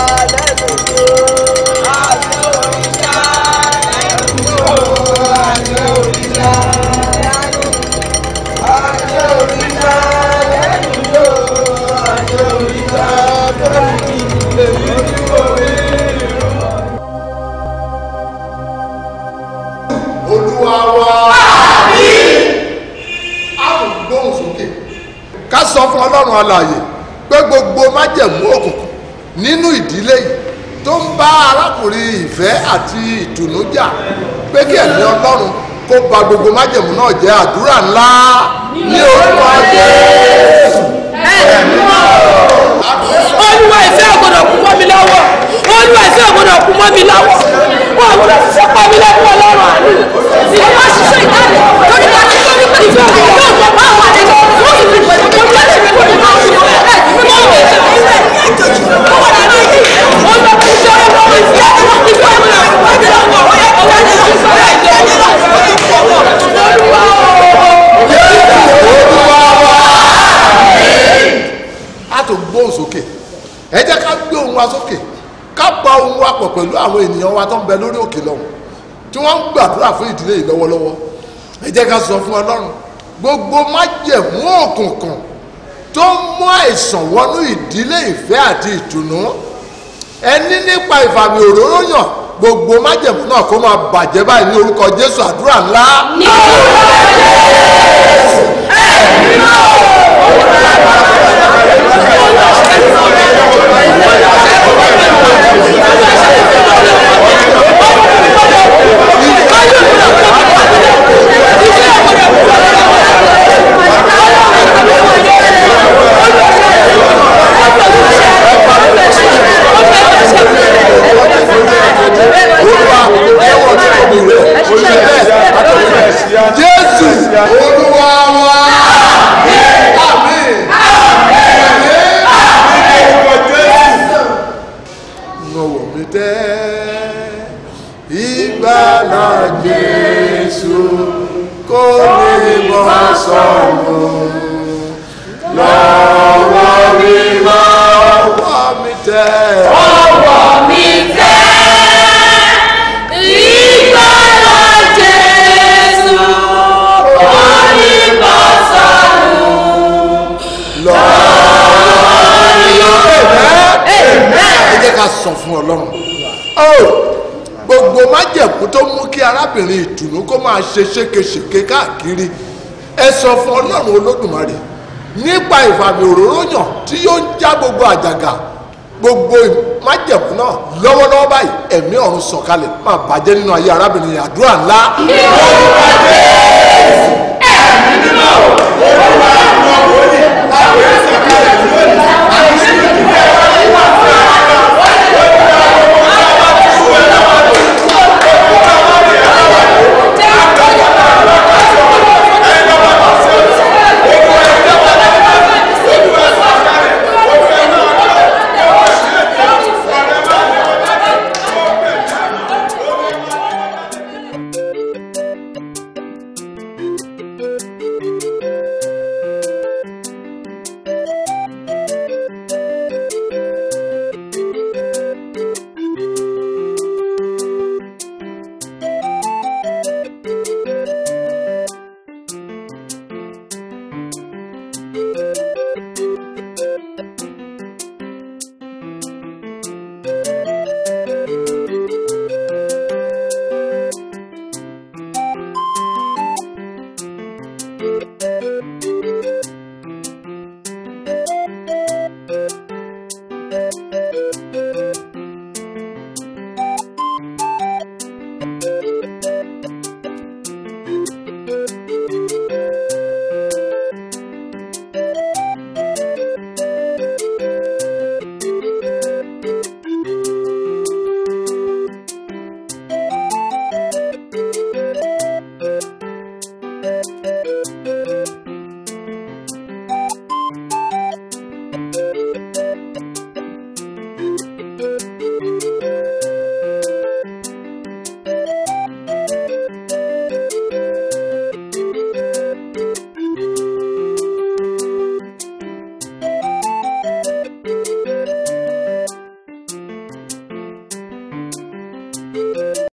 [SPEAKER 1] sọ fún ọlọ́run alààyè pé gbogbo májẹ̀mú òkùnkùn nínú ìdílé yìí tó ń bá arákùnrin ìfẹ́ àti ìtùnú jà pé kí ẹ̀mí ọlọ́run kó ba gbogbo májẹ̀mú náà jẹ́ àdúrà ńlá ní orúkọ gbóhùn sókè ẹ jẹ́ ká gbé ohùn wa sókè ká pa ohùn wa pọ̀ pẹ̀lú àwọn ènìyàn wa tó ń bẹ lórí òkè lọ́hùn tí wọ́n ń gbàdúrà fún ìdílé yìí lọ́wọ́lọ́wọ́ ẹ jẹ́ ká sọ fún ọlọ́run gbogbo májẹ̀mú òkùnkùn tó ń mú àìsàn wọnú ìdílé ìfẹ́ àti ìdùnnú ẹni nípa ìfàmì òróró yàn gbogbo májẹ̀mú náà kó máa bàjẹ́ báyìí ní orúkọ jésù àdúrà ńlá. ní orúkọ jésù ẹ̀mí náà òun náà bá wà lọ́wọ́ ìlú ọ̀yọ́ ṣẹ́gun rẹ̀ lọ́wọ́ ìlú ọ̀yọ́ ṣẹ́gun rẹ̀ lọ́wọ́. Jésù Olúwa wa. Àmín. Àmín. Àmín. Nọ̀wọ̀ mi tẹ́ ìgbàlà Jésù kó lọ́wọ́ mi mọ́ wá mi tẹ́. sọ fún ọlọ́run ó oh! gbogbo májẹ̀kú tó mú kí arábìnrin ìtùnú kó máa ṣe ṣékeṣèké káàkiri ẹ sọ fún ọlọ́run olódùmarè nípa ìfàmì òróró yàn tí yóò ń já gbogbo àjàgà gbogbo májẹ̀kú náà lọ́wọ́lọ́wọ́ báyìí ẹ̀mí ọ̀run sọ̀kalẹ̀ máa bàjẹ́ nínú ayé arábìnrin àdúrà ńlá. ní orúkọ
[SPEAKER 4] jésù ẹ̀mí mímọ́ òun wà á mọ̀ wọlé àwọn